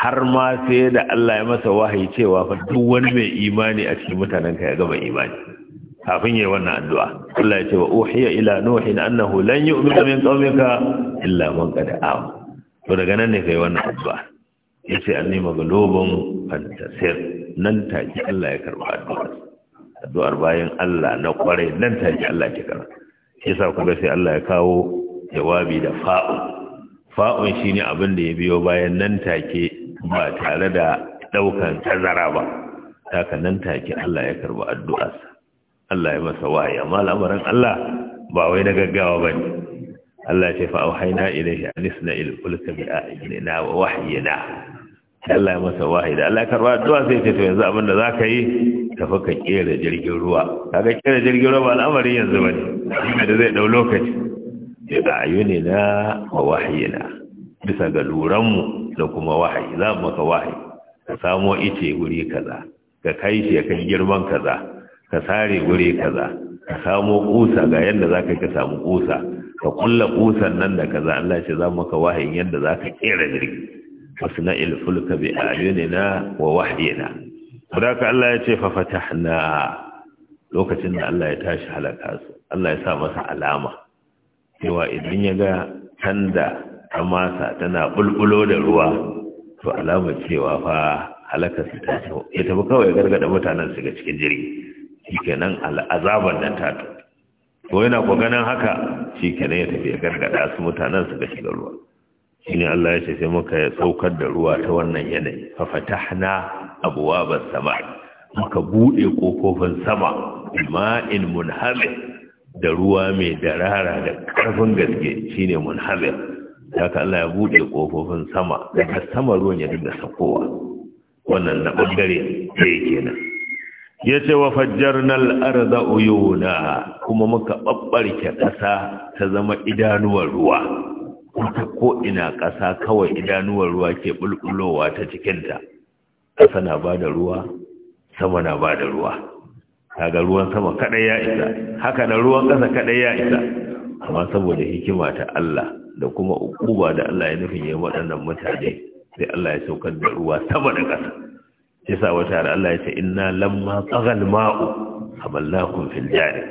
har ma sai da Allah ya masa wahayi cewa fa duk wani mai imani a cikin mutanenka ya gama imani kafin yayi wannan addu'a Allah ya ce wa uhiya ila nuhin annahu lan yu'minu min qawmika illa man qad yi. to daga nan ne kai wannan addu'a ya ce an nema galobin fantasir nan take Allah ya karɓi addu'ar addu'ar bayan Allah na kwarai nan take Allah ke karɓa shi sa kuma sai Allah ya kawo jawabi da fa'un fa'un shine abin da ya biyo bayan nan take ba tare da ɗaukan tazara ba haka nan take Allah ya karɓi addu'ar Allah ya masa wahayi amma Allah ba wai na gaggawa bane Allah ya ce haina auhayna ilayhi a isna il fulka bi wa wahyina Allah ya masa wahida da Allah ya karba addu'a sai ce to yanzu abin da zaka yi tafi ka kera jirgin ruwa kaga kera jirgin ruwa ba al'amarin yanzu bane shi da zai dau lokaci da na wa wahyina bisa ga mu da kuma wahayi za mu maka wahayi ka samo ice guri kaza ka kai shi kan girman kaza ka sare guri kaza ka samo kusa ga yadda zaka ka samu kusa ka kulla kusan nan da kaza Allah ya ce za mu maka wahayi yadda zaka kera jirgin wasna ilfulka bi ayunina wa wahyina saboda Allah ya ce fa fatahna lokacin da Allah ya tashi halaka su Allah ya sa masa alama cewa idan ya ga tanda tana bulbulo da ruwa to alama cewa fa halaka su ta ce ya tafi kawai gargada mutanen su ga cikin jirgi shikenan al'azaban da ta to yana ko ganin haka shikenan ya tafi ya gargada su mutanen su ga cikin ruwa shine Allah ya ce sai muka saukar da ruwa ta wannan yanayi fa fatahna abwabas sama muka bude kofofin sama ma'in munhamir da ruwa mai darara da karfin gaske shine munhamir haka Allah ya bude kofofin sama daga sama ruwan ya dinga sakowa wannan na bangare sai kenan yace wa fajjarnal arda uyuna kuma muka babbarke ƙasa ta zama idanuwar ruwa ta ko'ina ƙasa kawai idanuwar ruwa ke bulbulowa ta cikinta ƙasa na ba da ruwa sama na ba da ruwa kaga ruwan sama kaɗai ya isa haka na ruwan ƙasa kaɗai ya isa amma saboda hikima ta Allah da kuma ukuba da Allah ya nufin yi waɗannan mutane sai Allah ya saukar da ruwa sama da ƙasa yasa wata da Allah ya ce inna lamma tsagal ma'u hamalnakum fil jari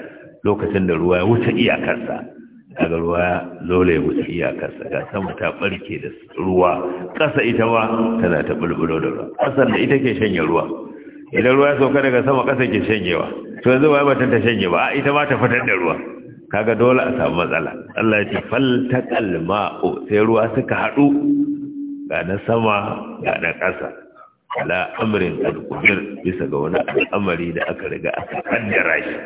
lokacin da ruwa ya wuce iyakarsa daga ruwa dole ya wuce iyakarsa ga sama ta barke da ruwa ƙasa ita ma tana ta bulbulo da ruwa ƙasar da ita ke shanye ruwa idan ruwa ya sauka daga sama ƙasa ke shanyewa to yanzu ba ta shanye ba ita ma ta fitar da ruwa kaga dole a samu matsala Allah ya ce faltaqal ma'u sai ruwa suka haɗu ga na sama ga na ƙasa ala amrin al-qadir bisa ga wani al'amari da aka riga aka kaddara shi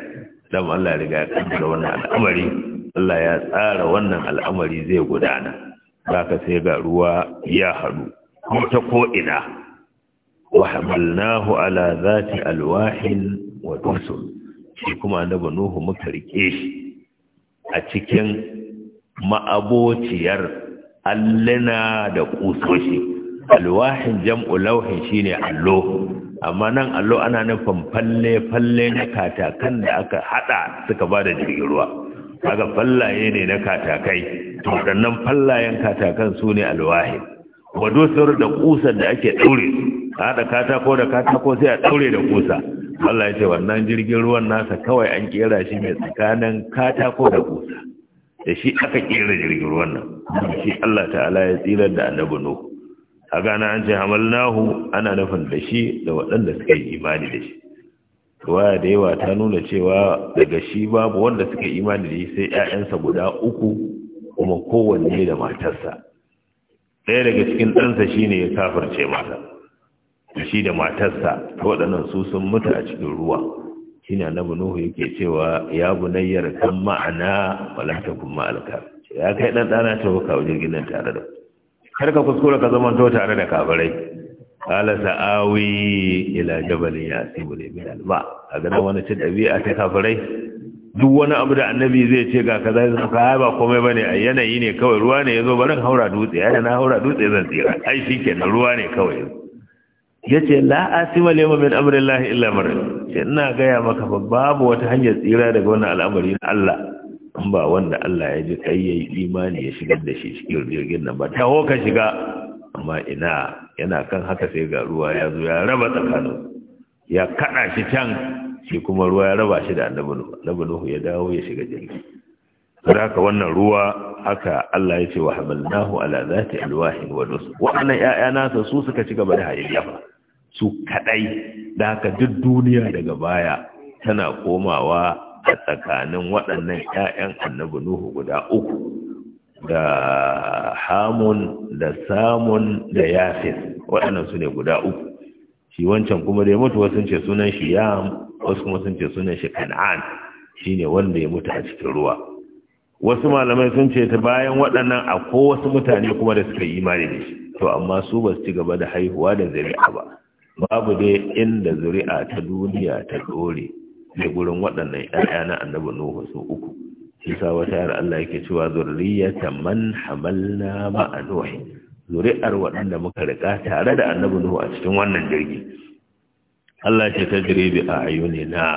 dan Allah ya riga ya kaddara wannan al'amari Allah ya tsara wannan al'amari zai gudana za ka sai ga ruwa ya haɗu ta ina. wa hamalnahu ala zati alwahin wa dusul shi kuma annabi nuhu muka rike shi a cikin ma'abociyar allina da kusoshi alwahin jam'u lauhin shine allo amma nan allo ana nufin falle falle na katakan da aka hada suka bada jirgin ruwa kaga fallaye ne na katakai to waɗannan fallayen katakan su ne alwahi wadosar da kusa da ake ɗaure a da katako da katako sai a ɗaure da kusa Allah ya ce wannan jirgin ruwan nasa kawai an kera shi mai tsakanin katako da kusa da shi aka kera jirgin ruwan nan shi Allah ta'ala ya tsira da annabi Nuhu a gana an ce hamalnahu ana nufin da shi da waɗanda suka yi imani da shi ruwaya da yawa ta nuna cewa daga shi babu wanda suka imani da shi sai ‘ya'yansa guda uku kuma kowanne da matarsa ɗaya daga cikin ɗansa shi ne ya kafarce mata shi da matarsa ta waɗannan su sun mutu a cikin ruwa shi ne nuhu yake cewa ya bunayyar kan ma'ana walanta kun ma'alka ya kai ɗanɗana ɗana ta baka wajen ginin tare da kar ka kuskura ka zama to tare da kafarai kala sa'awi ila jabalin ya asibule min alba a ganin wani ce ɗabi'a ta kafirai duk wani abu da annabi zai ce ga kaza zai ka ba komai bane a yanayi ne kawai ruwa ne yazo barin haura dutse yana na haura dutse zan tsira ai kenan ruwa ne kawai yace la asima lima min amrillahi illa mar ina gaya maka babu wata hanyar tsira daga wannan al'amari Allah in ba wanda Allah ya ji kai yayi imani ya shigar da shi cikin jirgin nan ba taho ka shiga amma ina yana kan haka sai ga ruwa ya zo ya raba tsakanin ya kada shi can shi kuma ruwa ya raba shi da annabinu nuhu ya dawo ya shiga jirgi ka wannan ruwa haka Allah ya ce wa hamalnahu ala zati alwahin wa dus wannan ƴaƴa nasa su suka ci gaba da hayyafa su kadai da haka duk duniya daga baya tana komawa a tsakanin waɗannan ƴaƴan annabi nuhu guda uku da hamun da samun da yafis waɗannan su ne guda uku shi wancan kuma da ya mutu wasu ce sunan shi yam wasu kuma sun ce sunan shi kan'an shi ne wanda ya mutu a cikin ruwa wasu malamai sun ce ta bayan waɗannan a ko wasu mutane kuma da suka yi imani da shi to amma su ba su ci gaba da haihuwa da zuri'a ba babu dai inda zuri'a ta duniya ta dore da gurin waɗannan 'ya'ya na annabi nuhu su uku kisa wata yar Allah yake cewa zurriyata man hamalna ma'a nuh zuri'ar waɗanda muka riƙa tare da annabi nuhu a cikin wannan jirgi Allah ce ta jire bi a ayyunina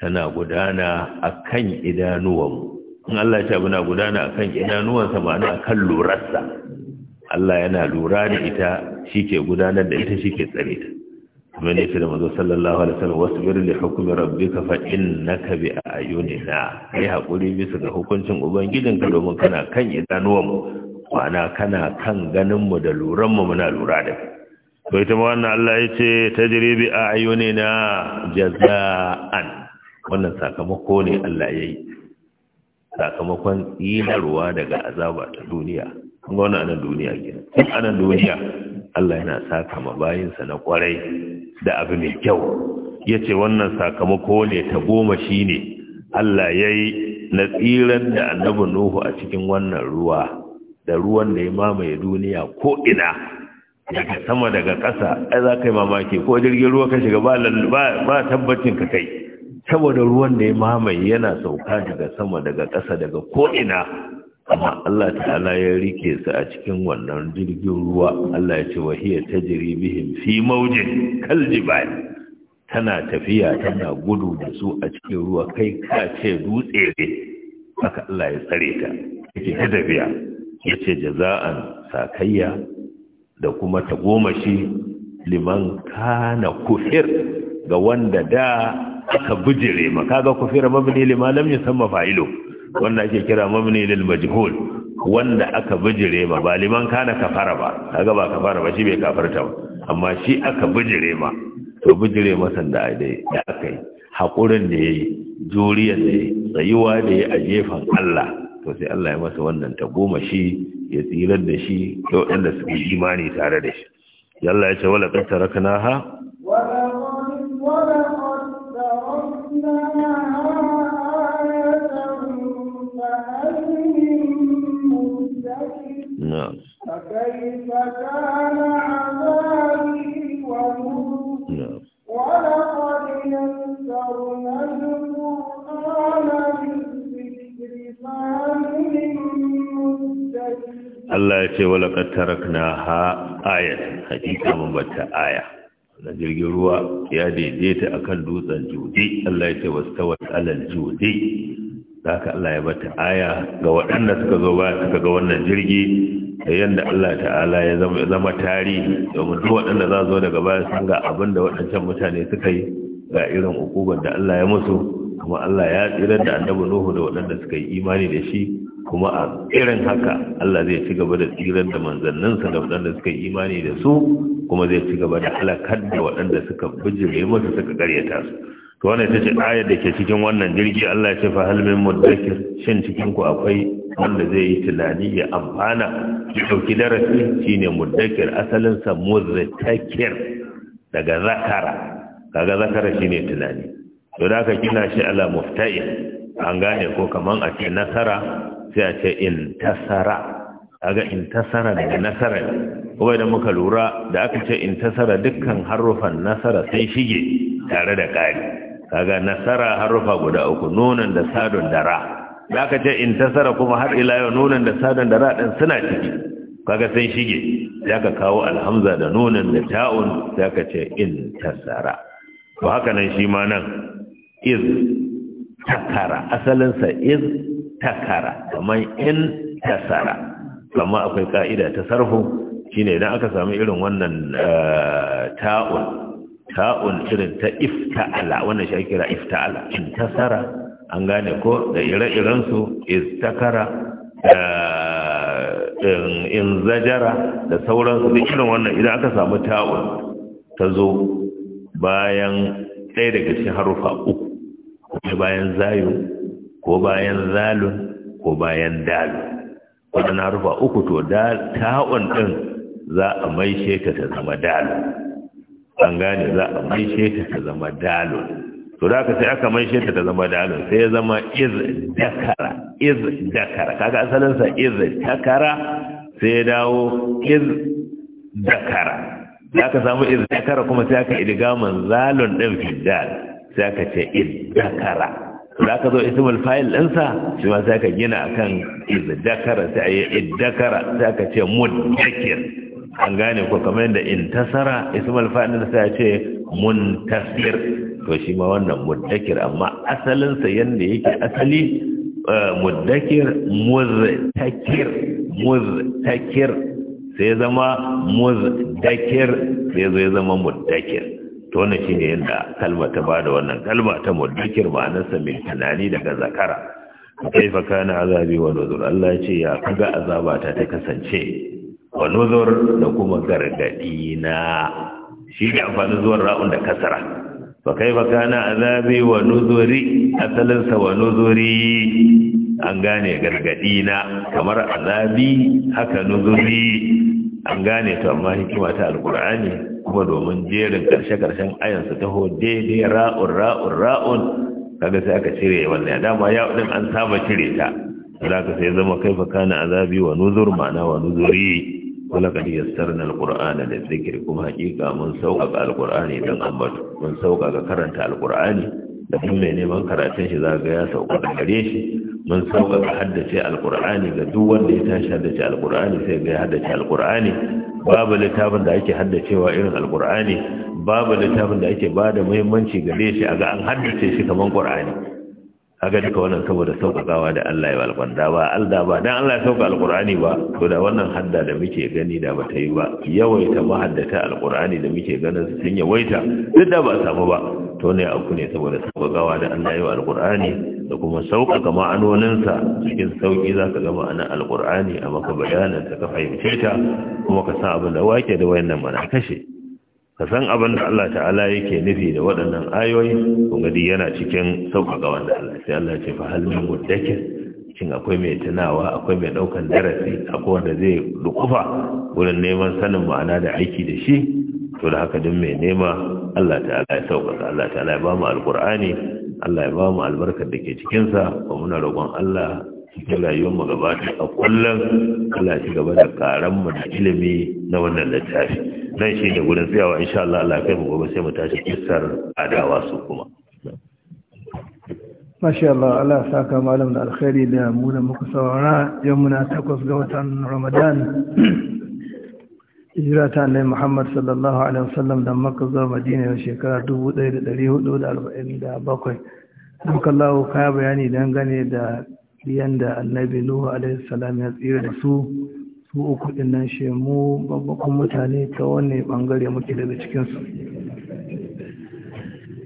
tana gudana akan idanuwanmu in Allah ce abu na gudana akan ma na kan lurarsa Allah yana lura da ita shi ke gudanar da ita shi ke tsare ta kuma ne shi da mazo sallallahu alaihi wasallam wasbir li hukmi rabbika fa innaka bi ayunina kai hakuri bisa ga hukuncin ubangijinka domin kana kan idanuwan mu kwana kana kan ganin mu da luran mu muna lura da to ita ma wannan Allah ya ce tajribi ayunina jazaan wannan sakamako ne Allah ya yi sakamakon yinarwa daga azaba ta duniya ga wannan anan duniya gina anan duniya Allah yana saka ma bayinsa na kwarai da abu mai kyau yace wannan sakamako ne ta goma shine Allah yayi na tsiran da annabi Nuhu a cikin wannan ruwa da ruwan da ya mamaye duniya ko ina daga sama daga ƙasa ai za ka yi mamaki ko jirgin ruwa ka shiga ba ba tabbacin ka kai saboda ruwan da ya mamaye yana sauka daga sama daga ƙasa daga ko ina amma Allah ta'ala ya rike su a cikin wannan jirgin ruwa Allah ya ce wahiya tajri bihim fi mawjin jibal tana tafiya tana gudu da su a cikin ruwa kai ka ce dutse ne haka Allah ya tsare ta yake ta tafiya yace jaza'an sakayya da kuma ta tagomashi liman kana kufir ga wanda da aka bijire ma ga kufira mabni lam yusamma fa'ilu wanda ake kira mabni lil majhul wanda aka bijire ma ba liman kana kafara ba kaga ba kafara ba shi bai kafarta ba amma shi aka bijire ma to bijire masa da dai da aka hakurin da yayi juriyar da yayi tsayuwa da yayi a jefan Allah to sai Allah ya masa wannan ta goma shi ya tsirar da shi da waɗanda suke imani tare da shi yalla ya ce wala qad taraknaha wala qad taraknaha فكيف كان عذابي ونور ولقد يسرنا القرآن للذكر فهل من Allah ya ce walaƙar tarakna ha ayat hakika mun bata aya na jirgin ruwa ya daidaita a kan dutsen jude Allah ya ce wastawat alal jude Za ka Allah ya bata aya ga waɗanda suka zo ba suka ga wannan jirgi da yadda Allah ta'ala ya zama tari domin duk waɗanda za zo daga baya sun ga abin da waɗancan mutane suka yi ga irin hukumar da Allah ya musu kuma Allah ya tsira da annabi Nuhu da waɗanda suka yi imani da shi kuma a irin haka Allah zai ci gaba da tsirar da manzanninsa da waɗanda suka yi imani da su kuma zai ci gaba da halakar da waɗanda suka bijire masa suka karyata su to wannan ta ce ayar da ke cikin wannan jirgi Allah ya ce fa halmin min shin cikin ku akwai wanda zai yi tunani ya amfana ya dauki darasi shine mudakkir asalin sa muzakkir daga zakara kaga zakara shine tunani to da ka kina shi ala muftai an gane ko kaman a ce nasara sai a ce intasara kaga intasara daga nasara kuma idan muka lura da aka ce in tasara dukkan harufan nasara sai shige tare da kari kaga nasara harufa guda uku nunan da sadun da ra ce in tasara kuma har ila yau nunan da sadun da din suna ciki kaga sai shige zaka kawo alhamza da nunan da ta'un ya ka ce in tasara to haka nan shi ma nan iz takara asalin sa iz takara kamar in tasara kamar akwai ka'ida ta sarfu shine idan aka samu irin wannan eh, ta'un ta'un irin ta ifta'ala wannan shi ake kira ifta'ala intasara an gane ko da ire-iren su istakara in zajara da sauransu duk irin wannan idan aka samu ta'un ta zo bayan ɗaya daga cikin harufa uku ko bayan zayu ko bayan zalun ko bayan dalun na harufa uku to ta'un ɗin za a maishe ta ta zama dalun an gane za a maishe ta ta zama dalon to da aka sai aka maishe ta ta zama dalon sai ya zama iz dakara iz dakara kaga asalinsa iz dakara sai ya dawo iz dakara da ka samu iz dakara kuma sai aka man zalon ɗin fiddal sai aka ce iz dakara za ka zo ismul fayil ɗinsa shi ma sai aka gina akan iz dakara sai a yi iz dakara sai aka ce muddakir an gane ko kamar yadda intasara ismul fa'il sai ya ce muntasir to shi ma wannan muddakir amma asalin sa yanda yake asali eh, muddakir muztakir muztakir sai zama muzdakir sai zai zama muddakir to wannan shine yanda kalma ta bada wannan kalma ta muddakir ma'anarsa mai tunani daga zakara kaifa kana azabi wa nuzul Allah ya ce ya kaga azabata ta kasance wa nuzur da kuma gargadi na shi ne amfani zuwan ra'un da kasara fa ba kana azabi wa nuzuri asalin sa wa nuzuri an gane gargadi na kamar azabi haka nuzuri an gane to amma hikima ta alkur'ani kuma domin jerin karshe-karshen ayansa taho daidai ra'un ra'un ra'un kaga sai aka cire wannan ya dama ya an saba cire ta zaka sai zama kai fa kana azabi wa nuzur ma'ana wa nuzuri ولقد يسرنا القران للذكر كما حقيقه من سوق القران دان أمبت من سوق karanta القرآن da kuma mai neman karatun shi za ga ya sauka da gare shi mun sauka ga haddace alkur'ani ga duk wanda ya tashi haddace alkur'ani sai ga haddace alkur'ani babu littafin da ake haddacewa irin alkur'ani babu littafin da ake bada da muhimmanci gare shi a ga an haddace shi kamar qur'ani haka duka wannan saboda sauƙaƙawa da Allah ya yi alƙwanda ba alda ba dan Allah ya sauƙa alƙur'ani ba to da wannan hadda da muke gani da ba ta yi ba yawaita mahaddata alƙur'ani da muke ganin su sun yawaita duk da ba samu ba to ne aku ne saboda sauƙaƙawa da Allah ya yi alƙur'ani da kuma sauƙaƙa ma'anoninsa cikin sauƙi za ka ga ma'anar alƙur'ani a maka bayanin ta ka fahimce ta kuma ka san abin da wake da wayannan mana kashe ka san abin da Allah ta'ala yake nufi da waɗannan ayoyi kuma gadi yana cikin sauƙaƙa wanda Allah sai Allah ce fa hal min cikin akwai mai tunawa akwai mai ɗaukan darasi akwai wanda zai lukufa wurin neman sanin ma'ana da aiki da shi to da haka duk mai nema Allah ta'ala ya sauƙaƙa Allah ta'ala ya ba mu alƙur'ani Allah ya ba mu albarkar da ke cikinsa ba muna roƙon Allah cikin mu gaba da a kullum kala ci gaba da mu da ilimi na wannan littafi nan shi ne gurin tsayawa insha Allah Allah kai mu gobe sai mu tashi kissar adawa su kuma Masha Allah Allah saka malam da alkhairi da mu da muka saurara yau muna takwas ga watan Ramadan hijira ta annabi Muhammad sallallahu alaihi wasallam da Makka zuwa Madina a shekara 1447 Duka Allah kaya bayani dangane da yanda annabi nuhu alaihi salam ya tsira da su su uku din nan shi mu babban mutane ta wanne bangare muke daga cikin su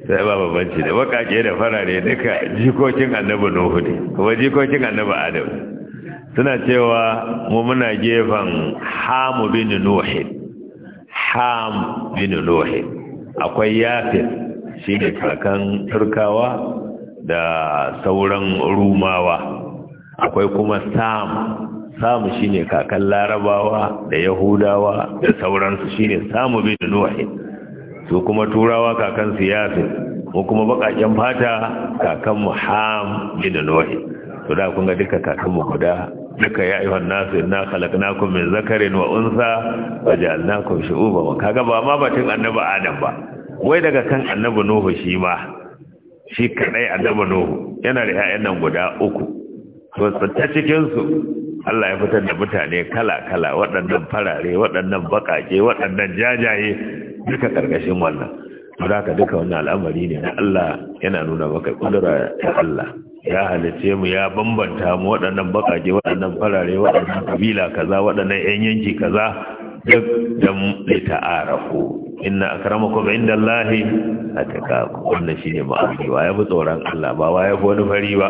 sai ba babanci da bakake da farare duka jikokin annabi nuhu ne kuma jikokin annabi adam suna cewa mu muna gefen hamu bin nuhu ham bin nuhu akwai yafin shi ne kakan turkawa da sauran rumawa akwai kuma sam samu shine kakan larabawa da yahudawa da sauransu shine samu bin nuhin su kuma turawa kakan siyasin ko kuma bakaken fata kakan muham bin nuhin to da kun ga duka kakan mu guda duka ya ayyuhan nasu inna khalaqnakum min zakarin wa unsa wa ja'alnakum shu'uban kaga ba ma batun annabi adam ba wai daga kan annabi nuhu shi ma shi kadai annabi nuhu yana da 'ya'yan nan guda uku to ta cikinsu Allah ya fitar da mutane kala-kala waɗannan farare waɗannan baƙaƙe waɗannan jajaye duka ƙarƙashin wannan to da ka duka wannan al'amari ne na Allah yana nuna maka kudura ta Allah ya halice mu ya bambanta mu waɗannan bakaje waɗannan farare waɗannan kabila kaza waɗannan 'yan yanki kaza duk da ta'arafu inna akramakum indallahi Atakaku. wannan shine ma'ani wa ya fi tsoron Allah ba wa fi wani fari ba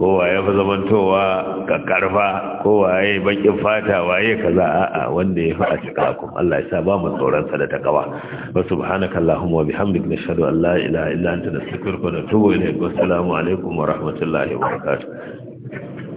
ko wa ya fi zamantowa kakkarfa ko wa ya yi bakin fata Wa ya kaza a'a wanda ya fi atqakum Allah ya sa ba mu tsoron sa da takawa wa subhanakallahumma wa bihamdika nashhadu an la ilaha illa anta nastaghfiruka wa natubu ilayk wa assalamu alaikum wa rahmatullahi wa barakatuh